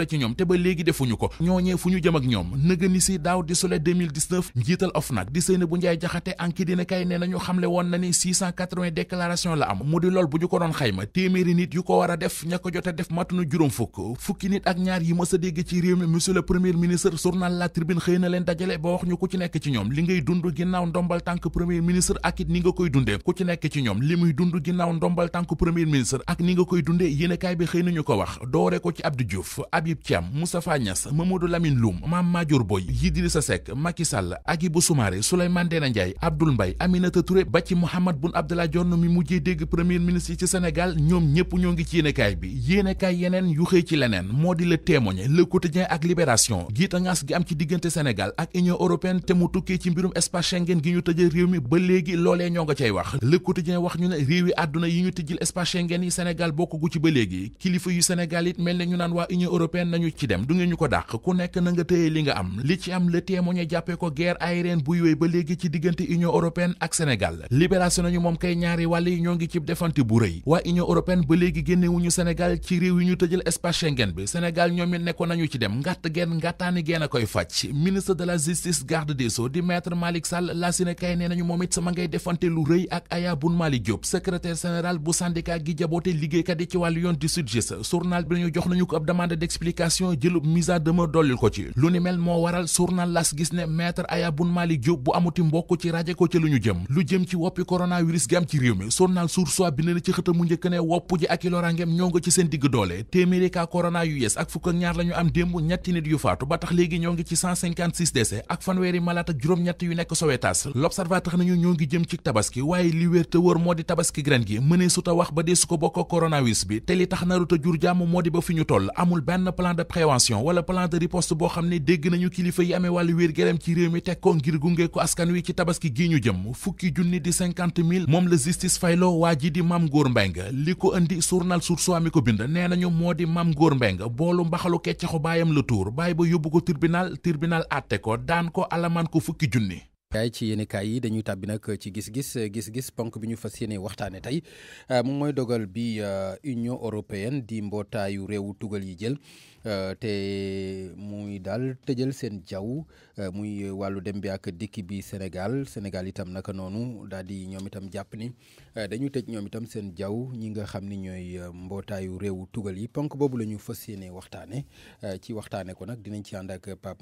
Speaker 3: mu di lool bu ñu ko doon xayma téeméeri nit yu ko war a def ña ko jot a def matunu juróom fukk fukki nit ak ñaar yi ma sa dégg ci réew mi monsieur le premier ministre journal La Tribune xëy na leen dajale ba wax ñu ku ci nekk li ngay dund ginnaaw ndombal tànk premier ministre ak it koy dundee ku ci nekk ci ñoom li muy dund ginnaaw ndombal tànk premier ministre ak ni nga koy dundee yéenekaay bi xëy nañu ko wax doore ko ci Abdou Diouf Habib Thiam Moustapha Niass Mamadou Lamine Loum Mame Madior Boye Idrissa Seck Macky Sall Hadjibou Soumaré Souleymane Ndéné Ndiaye Abdoul Mbaye Aminata Touré ba ci Mahammed Boun Abdallah Dionne mu mujjee dégg premier ministre yi ci Sénégal ñoom ñëpp ñoo ngi ci yéenekaay bi yéenekaay yeneen yu xëy ci leneen moo di Le Témoin Le Quotidien ak Libération giitangaas gi am ci diggante Sénégal ak Union européenne te mu tukkee ci mbirum espace Schengen gi ñu tëjal réew mi ba léegi loolee ñoo nga cay wax Le Quotidien wax ñu ne réew yi àdduna yi ñu tëjil espace Schengen yi Sénégal bokk gu ci ba léegi kilifa yu Sénégal it mel ne ñu naan waa Union européenne nañu ci dem du ngeen ñu ko dàq ku nekk na nga téye li nga am li ci am Le Témoin jàppee ko guerre aérienne bu yooyu ba léegi ci diggante Union européenne ak Sénégal libération nañu moom kay ñaari wàll yi ñoo ngi ci ab defante bu rëy waa union européenne ba léegi génnewuñu sénégal ci réew yi ñu tëjal espace Schengen bi senegal ñoom it nekkoon nañu ci dem ngàtt genn ngàttaani genn a koy fàcc ministre de la justice garde des sceaux di maître Malick Sall la ne kay nee nañu moom it sama ngay defante lu rëy ak Aya Boun Malick Diop secrétaire général bu syndicat gi jaboote liggéeykat yi ci wàllu yoon di SYTJUST journal bi nañu jox nañu ko ab demande d'explication jëlub mise en dollil ko ci lu ni mel moo waral journal las gis ne maître Aya Boun Malick Diop bu amuti mbokk ci raje ko ci lu ñu jëm lu jëm ci woppi coronavirus gi am ci réew mi sursoi bi ne na ci xët mu njëkk ne wopp ji ak i lorangem ñoo nga ci seen digg doole téeméeri cas corona yu yees ak fukk ak ñaar la ñu am démb ñetti nit yu faatu ba tax léegi ñoo ngi ci 156 décès ak fanweeri malaat ak juróom-ñett yu nekk Sowetaas l'observateur nañu ñoo ngi jëm ci tabaski waaye li wéer te moo di tabaski gren gi mënee su ta wax ba dee su ko bokk coronavirus bi te li tax narut a jur jàmm moo di ba fi ñu toll amul benn plan de prévention wala plan de riposte boo xam ne dégg nañu kilifa yi amee wàllu wér gërëm ci réew mi teg ngir gunge ko askan wi ci tabaski gi ñu jëm fukki junni di 50 moom la justice fayloo waa ji di Mame Ngor Mbengue li ko indi journal Source A mi ko bind nee nañu moo di Mame Ngor Mbengue boolu mbaxalu keccaxu baayam la tuur bàyyi ba yóbbu ko tribunal tribunal atte ko daan ko alamaan ko fukki junni yaay ci
Speaker 1: yéenekaay yi dañuy tàbbi nag ci gis-gis gis-gis ponk bi ñu fas yéene waxtaane tey moom mooy dogal bi euh, Union européenne di mbootaayu réewu tugal yi jël Euh, te muy dal tëjal sen jaw euh, muy walu dem bi ak dikki bi Sénégal Sénégal itam naka noonu daal ñom itam japp ni euh, dañu tej ñom itam sen jaw ñi nga xamni ñoy ñooy mbootaayu tugal yi ponk bobu lañu ñu fas ci ko nak dinañ ci and ak Pape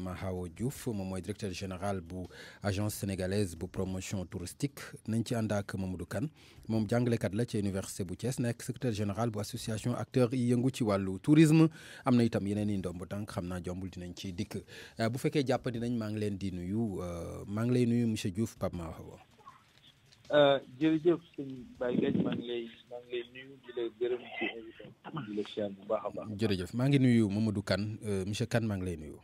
Speaker 1: Diouf mon directeur général bu agence sénégalaise bu promotion touristique nañ ci and ak Mamadou Kane moom jàngalekat la ci université bu Thiès nekk secrétaire général bu association acteur yi yëngu ci wàllu tourisme am na itam yeneen i ndomb tànk xam naa jombul dinañ ci dikk euh, bu fekkee jàppandi nañ maa ngi leen di nuyu euh, maa ngi lay nuyu monsieur Diouf Pape Mahawa.
Speaker 5: Euh, jërëjëf sëñ bu baax a jërëjëf
Speaker 1: maa ngi nuyu Mamadou Kane monsieur Kane maa ngi lay nuyu.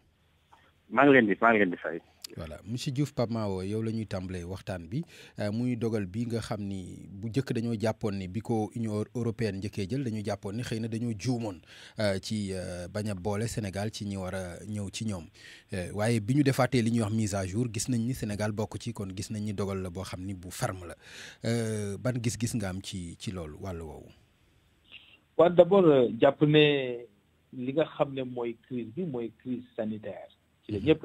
Speaker 20: maa ngi leen di maa leen di fay.
Speaker 1: voilà monsieur Diouf Pamao Mao yow lañuy ñuy tàmbalee waxtaan bi euh, muy dogal bi nga xamni bu jëk dañu japon ni biko Union européenne njëkkee jël dañu japon ni xeyna dañu dañoo juumoon euh, ci euh, bañ a Sénégal ci ñi wara ñëw ci ñom waaye bi ñu li ñu wax mise à jour gis nañ ni Sénégal bokk ci kon gis nañ ni dogal la bo xamni bu ferme la ban gis-gis nga am ci ci lool walu wowo
Speaker 5: waaw d'abord japp né li nga xamné moy crise bi moy crise sanitaire ci la mhm. ñëpp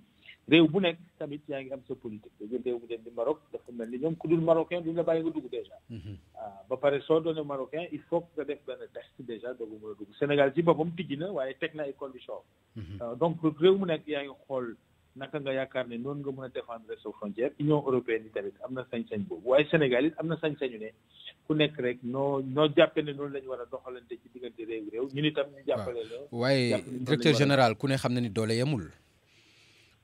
Speaker 5: réew bu nekk tamit yaa ngi am sa politique da jël réew dafa mel ni ñoom ku dul marocain duñu la bàyyi nga dugg déjà mhm. ah, ba pare soo doonee marocain il faut que nga def benn test déjà doogu mën a dugg Sénégal ci boppam tijji na waaye teg na ay conditions mhm. ah, donc réew mu nekk yaa ngi xool naka nga yaakaar ne noonu nga mën a défendre sa frontière union européenne yi tamit am na sañ-sañ boobu waaye Sénégal it am na sañ-sañu ne ku nekk rek noo noo jàppee ne noonu lañu ñu war a doxalante ci diggante réew réew ñun itam ñu jàppale la waaye général
Speaker 1: ku ne xam na ni doole yemul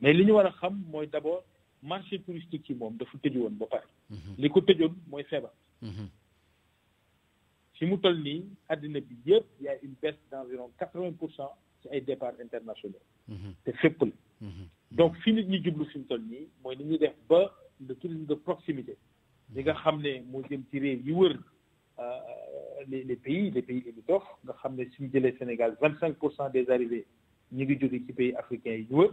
Speaker 5: mais li ñu war a xam mooy d' abord marché touristique yi moom dafa tëju woon ba pare.
Speaker 21: Mhm. li ko tëjoon mooy feebar. si mhm.
Speaker 5: mu toll nii àddina bi yëpp y' a une baisse d' environ 80 vingt pour cent ci ay départ internationaux. Mhm. te fépp la. donc fi nit ñi jublu fi mu toll nii mooy ni ñuy def ba le tourisme de proximité. li nga xam ne moo jëm ci réew yi wër euh, les les pays les pays limitrophes nga xam ne suñu jëlee Sénégal 25 pour cent des arrivées ñu ngi jóge ci pays africains yi wër.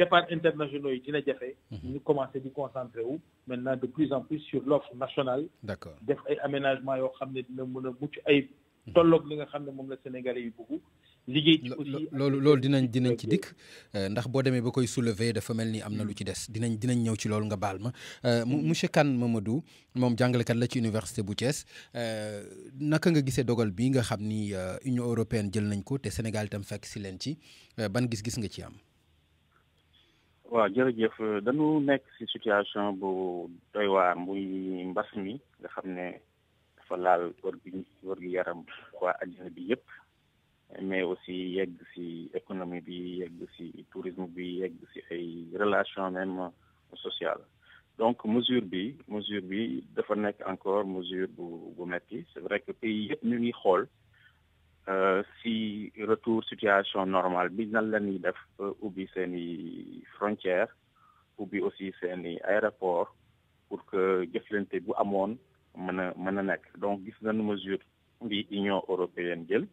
Speaker 5: départ internationaux yi dina jafe. Mhm. ñu commencé di concentrer wu maintenant de plus en plus sur l'offre nationale. d'accord def ay aménagements yoo xam ne dina mën a mucc ay mhm. tolloog li nga xam ne la Sénégalais yi bëgg.
Speaker 1: liggéey ci aussi loolu loolu dinañ dinañ ci dikk euh, ndax boo demee ba koy soulever dafa mel ni am na lu mhm. ci des dinañ dinañ ñëw ci loolu nga baal ma euh, monsieur Kane Mamadou moom jàngalekat la ci université bu Thiès euh, naka nga gisee dogal bi nga xam ni Union européenne jël nañ ko te Sénégal itam fekk si leen ci ban gis-gis nga ci am
Speaker 20: waaw jërëjëf euh, dañu nekk ci situation bu doy waar muy mbas mi nga xam ne dafa laal wër gi wër gi yaram waa àddina bi yëpp mais aussi yegg ci économie bi yegg ci tourisme bi yegg ci ay relation même sociale donc mesure bi mesure bi dafa nekk encore mesure bu bu metti c'est vrai que pays yëpp ñu ngi xool euh, si retour situation normale bi nan la ñuy def euh, ubbi seen i frontière ubbi aussi seen i aéroport pour que jëflante bu amoon mën a mën a nekk donc gis nañu mesure bi Union européenne jël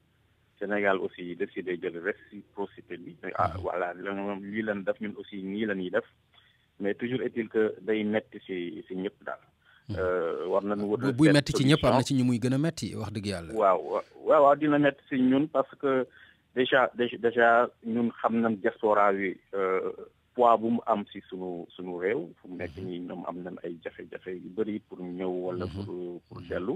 Speaker 20: Sénégal aussi décidé jël réciprocité bi euh, ah, voilà lii lan def ñun aussi nii la ñuy def mais toujours est-il que day metti ci ci ñëpp daal Euh, war nañu wut. buy metti ci ñëpp am na ci ñu muy
Speaker 1: gën a metti wax dëgg yàlla.
Speaker 20: waaw waaw waaw dina metti si ñun parce que déjà déjà ñun xam na nañ diaspora yi euh, pois bu mu am si sunu sunu réew fu mu nekk mhm. nii ñoom am nañ ay jafe-jafe yu bëri pour ñëw walla mhm. pour pour mhm. dellu.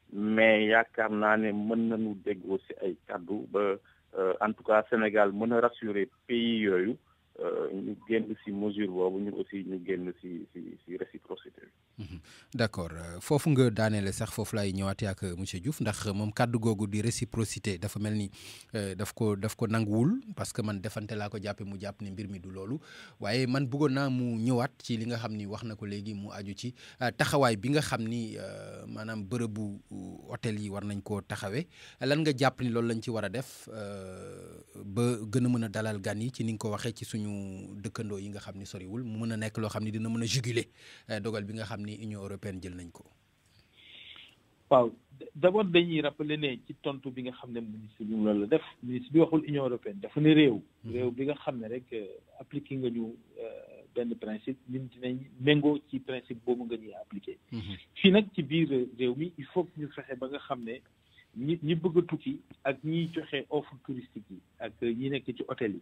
Speaker 20: mais yaakaar naa ne mën nañu déggoo ci ay kàddu ba euh, en tout cas Sénégal mën a rassurer pays yooyu Euh, ñu génn ci mesure boobu ñu génn ci réciprocité
Speaker 21: bi. Mhm.
Speaker 1: d'accord euh, foofu nga daaneele sax foofu laay ñëwaatee ak euh, monsieur Diouf ndax moom kàddu googu di réciprocité dafa mel ni daf ko daf ko nanguwul parce que man defante laa ko jàppe mu jàpp ni mbir mi du loolu waaye man bëggoon naa mu ñëwaat ci li nga xam ni wax na ko léegi mu aju ci taxawaay bi nga xam ni maanaam bërëbu hôtel yi war nañ koo taxawee lan nga jàpp ni loolu lañ ci war a def ba gën a mën a dalal gan yi ci ni ko waxee ci suñu suñu dëkkandoo yi nga xam ni soriwul mu mën a nekk loo xam ni dina mën a juguler euh, dogal bi nga xam ni Union européenne jël nañ ko. waaw d'abord dañuy rappeler ne ci tontu bi nga
Speaker 5: xam ne ministre bi loolu la def ministre bi waxul Union européenne dafa ne réew. Mm-hmm. réew bi nga xam ne rek euh, appliqué nga ñu euh, benn principe ñun dinañ méngoo ci principe boobu nga ñuy appliqué. Mm-hmm. fii nag ci biir réew mi il faut ñu fexe ba nga xam ne ñi ñi bëgg a tukki ak ñiy joxe offre touristique ak ñi nekk ci hôtel yi.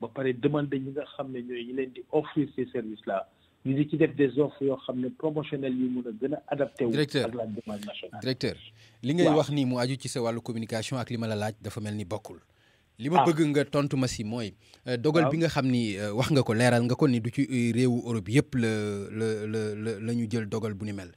Speaker 5: ba pare demandé ñi nga xam ne ñooy ñi leen di offrir ces services là ñu di ci def des offres yoo xam ne promotionnelles yi mun a gën a adapté wu ak la demande nationale directeur li ngay wax
Speaker 1: ni mu aju ci sa wàllu communication ak li ma la laaj dafa mel ni bokkul li ma ah. bëgg nga tontu ma si mooy euh, dogal bi nga xam ni euh, wax nga ko leeral nga ko ni du ci euh, réewu Europe yépp la la la la la ñu jël dogal bu ni mel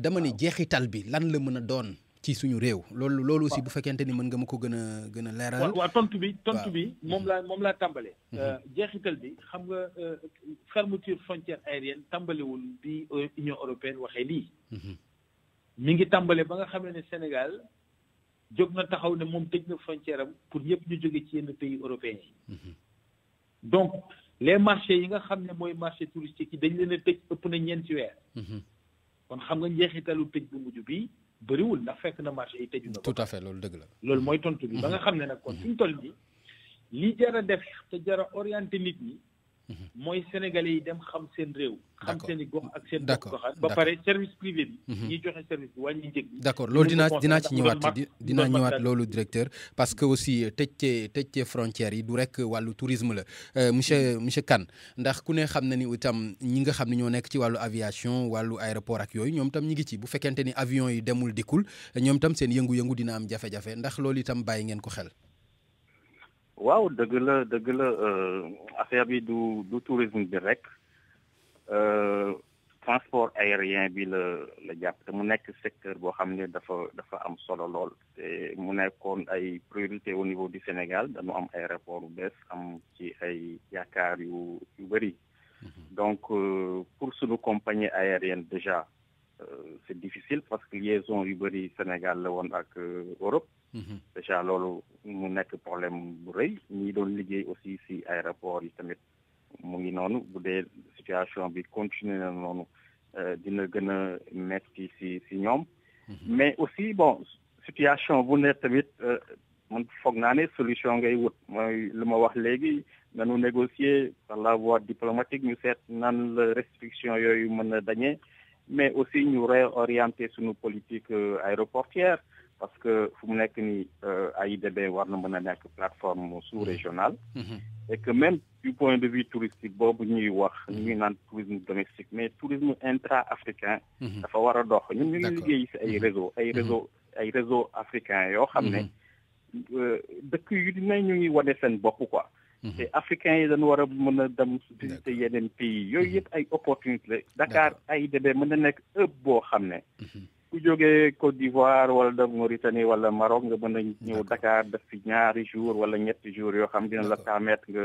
Speaker 1: dama ni jeexital bi lan la mën a doon ci suñu réew. loolu loolu aussi bu fekkente ni mën nga ma ko gën a gën a leeral. waaw
Speaker 5: tontu bi tontu bi moom laa moom laa tàmbalee. Mhm. Euh, jeexital bi xam nga euh, fermeture frontière aérienne tàmbalewul bi Union européenne waxee lii. Mhm. mi ngi tàmbale ba nga xam ne Sénégal jóg na taxaw ne moom tëj na frontière am pour ñëpp ñu jóge ci yenn pays européens yi. Mhm. donc les marchés yi nga xam ne mooy marché touristique yi dañ leen a tëj ëpp na ñeenti weer. kon xam nga njeexitalu tëj bu mujj bi. bëriwul ndax fekk na marché yi tëju na
Speaker 1: tout à fait loolu dëgg la
Speaker 5: loolu mooy tontu bi ba nga mhm. xam ne nag kon fi mu toll nii li jar a def te jar a orienté nit ñi moy mhm. sénégalais yi dem xam seen réew. xam seen i gox ak seen. d'accord ba pare service privé bi. Mhm. ñi joxe service bi wàññi njëg bi. d'accord loolu dina dinaa ci ñëwaat dinaa ñëwaat
Speaker 1: loolu directeur. parce que aussi tëj tëj frontière yi du rek wàllu tourisme la euh, monsieur mhm. monsieur Kane ndax ku ne xam na ni itam ñi nga xam ne ñoo nekk ci wàllu aviation wàllu aéroport ak yooyu ñoom tam ñi ngi ci bu fekkente ni avion yi demul dikkul ñoom tam seen yëngu-yëngu dina am jafe-jafe ndax loolu itam bàyyi ngeen ko xel
Speaker 20: waaw dëgg la dëgg la euh, affaire bi du du tourisme bi rek euh, transport aérien bi la la jàpp te mu nekk secteur boo xam ne dafa dafa am solo lool te mu nekkoon ay priorité au niveau du Sénégal dañu am aéroport bu bees am ci ay yaakaar yu yu bëri mhm. donc euh, pour sunu compagnie aérienne déjà euh, c'est difficile parce que liaison yu bëri Sénégal la woon ak euh, Europe. Mhm. déjà lolu mu nekk problème bu reuy ñi doon liggéey aussi ci aéroport yi tamit mu ngi noonu bu dee situation bi continuer na noonu euh, dina gën a metti si si ñoom. Mhm. mais aussi bon situation bu ne tamit man foog naa ne solution ngay wut mooy lu ma wax léegi nanu négocier par la voie diplomatique ñu seet nan la restriction yooyu mën a dañee mais aussi nous réorienter sur nos politiques euh, aéroportières parce que nous avons une plateforme sous-régionale. Mhm. et que même du point de vue touristique nous avons un tourisme domestique mais tourisme intra-africain. il faut voir dox Nous, ñu des réseaux des réseaux des ay mhm. réseaux ay des réseaux africains, Mhm. te africains yi dañu war a mën a dem visiter yeneen pays yooyu mhm. yëpp ay opportunité la Dakar ay débee mën na nekk ëpp boo xam ne mhm. ku jógee Côte d'Ivoire wala de Mauritanie wala Maroc nga mën a ñëw Dakar def fi ñaari jour wala ñetti jour yoo xam dina la permettre nga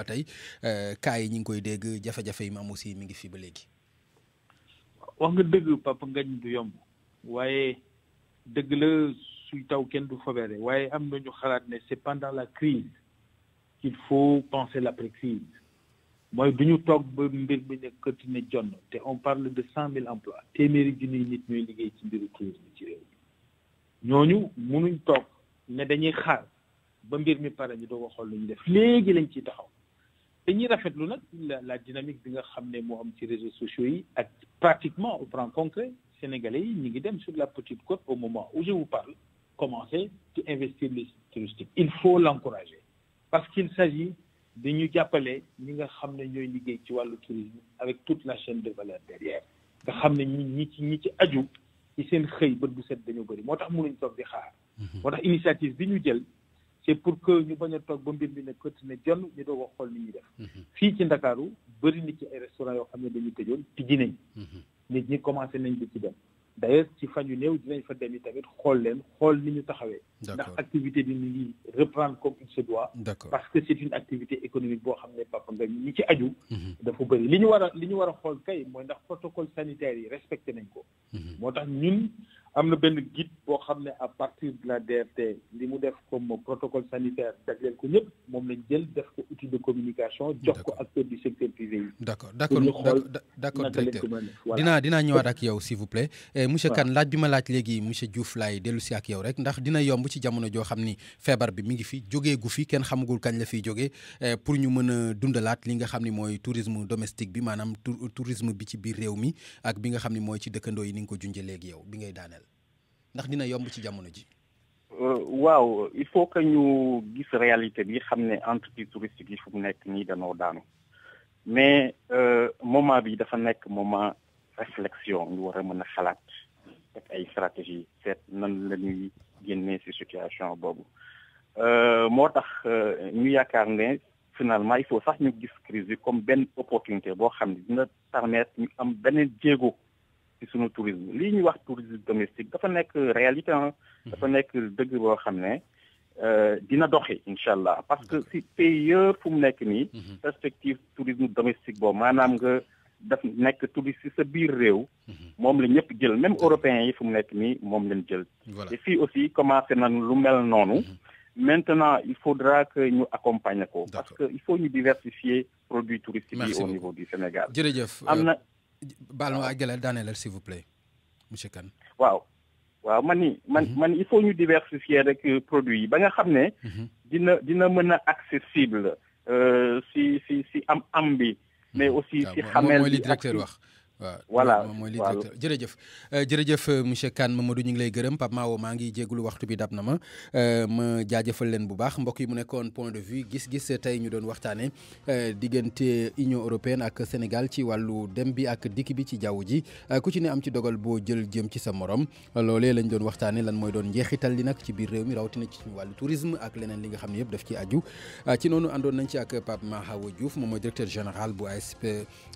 Speaker 1: ba tey euh, cas yi ñu koy dégg jafé jafé yi mu am aussi mi ngi fi ba légui
Speaker 5: wax nga dëgg Papa ngañ du yomb wayé dëgg la suy taw kenn du fobere wayé am na ñu xalaat ne c'est pendant la crise qu'il faut penser la crise moy duñu tok toog ba mbir mi ne këtt ne jonn té on parle de cent mille emplois téeméeri ñuy nit ñooy liggéey ci mbiru tourisme ci réew mi ñooñu mënuñ tok né dañuy xaar ba mbir mi pare ñu doog xol luñu def légui lañ ci taxaw dañuy de nag la dynamique bi nga avons ne am ci réseaux sociaux pratiquement au plan concret sénégalais nous sommes sur la petite côte au moment où je vous parle commencer à investir les touristiques il faut l'encourager parce qu'il s'agit de nous appeler, nous nga xam ne ñooy liggéey ci tourisme avec toute la chaîne de valeur derrière nous avons ne ñi ñi ci ñi ci aju ci seen qui, bët bu set nous bëri moo tax mënuñ une di xaar mhm. moo tax l'initiative bi ñu c'est pour que ñu bañ a toog ba mbir mi ne kët ne jonn ñu doog a xool ni ñuy def mhm. fii ci Ndakaaru bëri na ci ay restaurants yoo xam ne dañu tëjoon tijji nañ mhm. nit ñi commencé nañ di ci dem d'ailleurs ci fan yu néew dinañ fa dem tamit xool leen xool ni ñu taxawee ndax activité bi ñu ngi reprendre comme il se doit parce que c'est une activité économique boo xam ne papa nga ñi ci aju mhm. dafa bëri li ñu war a li ñu war a xool kay mooy ndax protocole sanitaire yi respecté nañ ko moo tax ñun am na benn guide boo xam ne à partir de la DRT li mu def comme protocole sanitaire jagleel ko ñëpp moom lañ jël def ko outil de communication jox ko acteur du secteur
Speaker 1: privé yi d'accord d'accord d'accord directeur dinaa dinaa ñëwaat ak yow s'il vous plaît eh, monsieur Kane laaj bi ma laaj léegi monsieur Diouf laay dellu si ak yow rek ndax dina yomb ci jamono joo xam ni feebar bi mi ngi fi jógee gu fi kenn xamagul kañ la fiy jógee eh, pour ñu mën a dundalaat li nga xam ni mooy tourisme domestique bi maanaam tourisme bi ci biir réew mi ak bi nga xam ni mooy ci dëkkandoo yi ni nga ko junjee léegi yow bi ngay daaneel ndax dina yomb ci jamono ji.
Speaker 20: Euh, waaw il faut que ñu gis réalité bi xam ne entreprise touristique yi fu mu nekk nii danoo daanu mais euh, moment bi dafa nekk moment réflexion ñu war a mën a xalaat def ay stratégie seet nan la ñuy génnee ci situation boobu euh, moo tax ñu yaakaar ne finalement il faut sax ñu gis crise bi comme benn opportunité boo xam ne dina permettre ñu am beneen jéego ci sunu tourisme Ligne ñuy wax tourisme domestique dafa nekk réalité hein. dafa mhm. nekk dëgg boo xam ne euh, dina parce que si pays yëpp fu mu nekk mhm. perspective tourisme domestique boobu maanaam nga daf nekk touriste si sa biir réew. Mhm. moom la ñëpp jël même européens yi fu mu nekk nii moom lañ jël. Et fii aussi commencé nañ lu mel noonu. Maintenant, il faudra que nous accompagnions. Parce que il faut nous diversifier produits touristiques au niveau du Sénégal.
Speaker 1: Euh, à à àggale daaneelal s'il vous plaît monsieur
Speaker 20: Kane. waaw waaw man ni man mhm. man il faut ñu diversifier rek euh, produit yi ba nga xamné mhm. dina dina accessible accessible euh, si si si am am bi. Mhm. mais aussi si xamel waaw voilà moom mooy li directeur jërëjëf euh,
Speaker 1: jërëjëf euh, monsieur Kane Mamadou ñu ngi lay gërëm Pape Mawo maa ngi jégalu waxtu bi dab na ma euh, ma jaajëfal leen bu baax mbokk yi mu nekkoon point de vue gis-gis tey ñu doon waxtaanee diggante Union européenne ak Sénégal ci wàllu dem bi ak dikk bi ci jaww ji ku ci ne am ci dogal boo jël jëm ci sa morom loolee lañ doon waxtaanee lan mooy doon njeexital li nag ci biir réew mi rawatina ci wàllu tourisme ak leneen li nga xam ne yëpp daf ci aju ci noonu àndoon nañ ci ak Pape Mahawa Diouf moom mooy général bu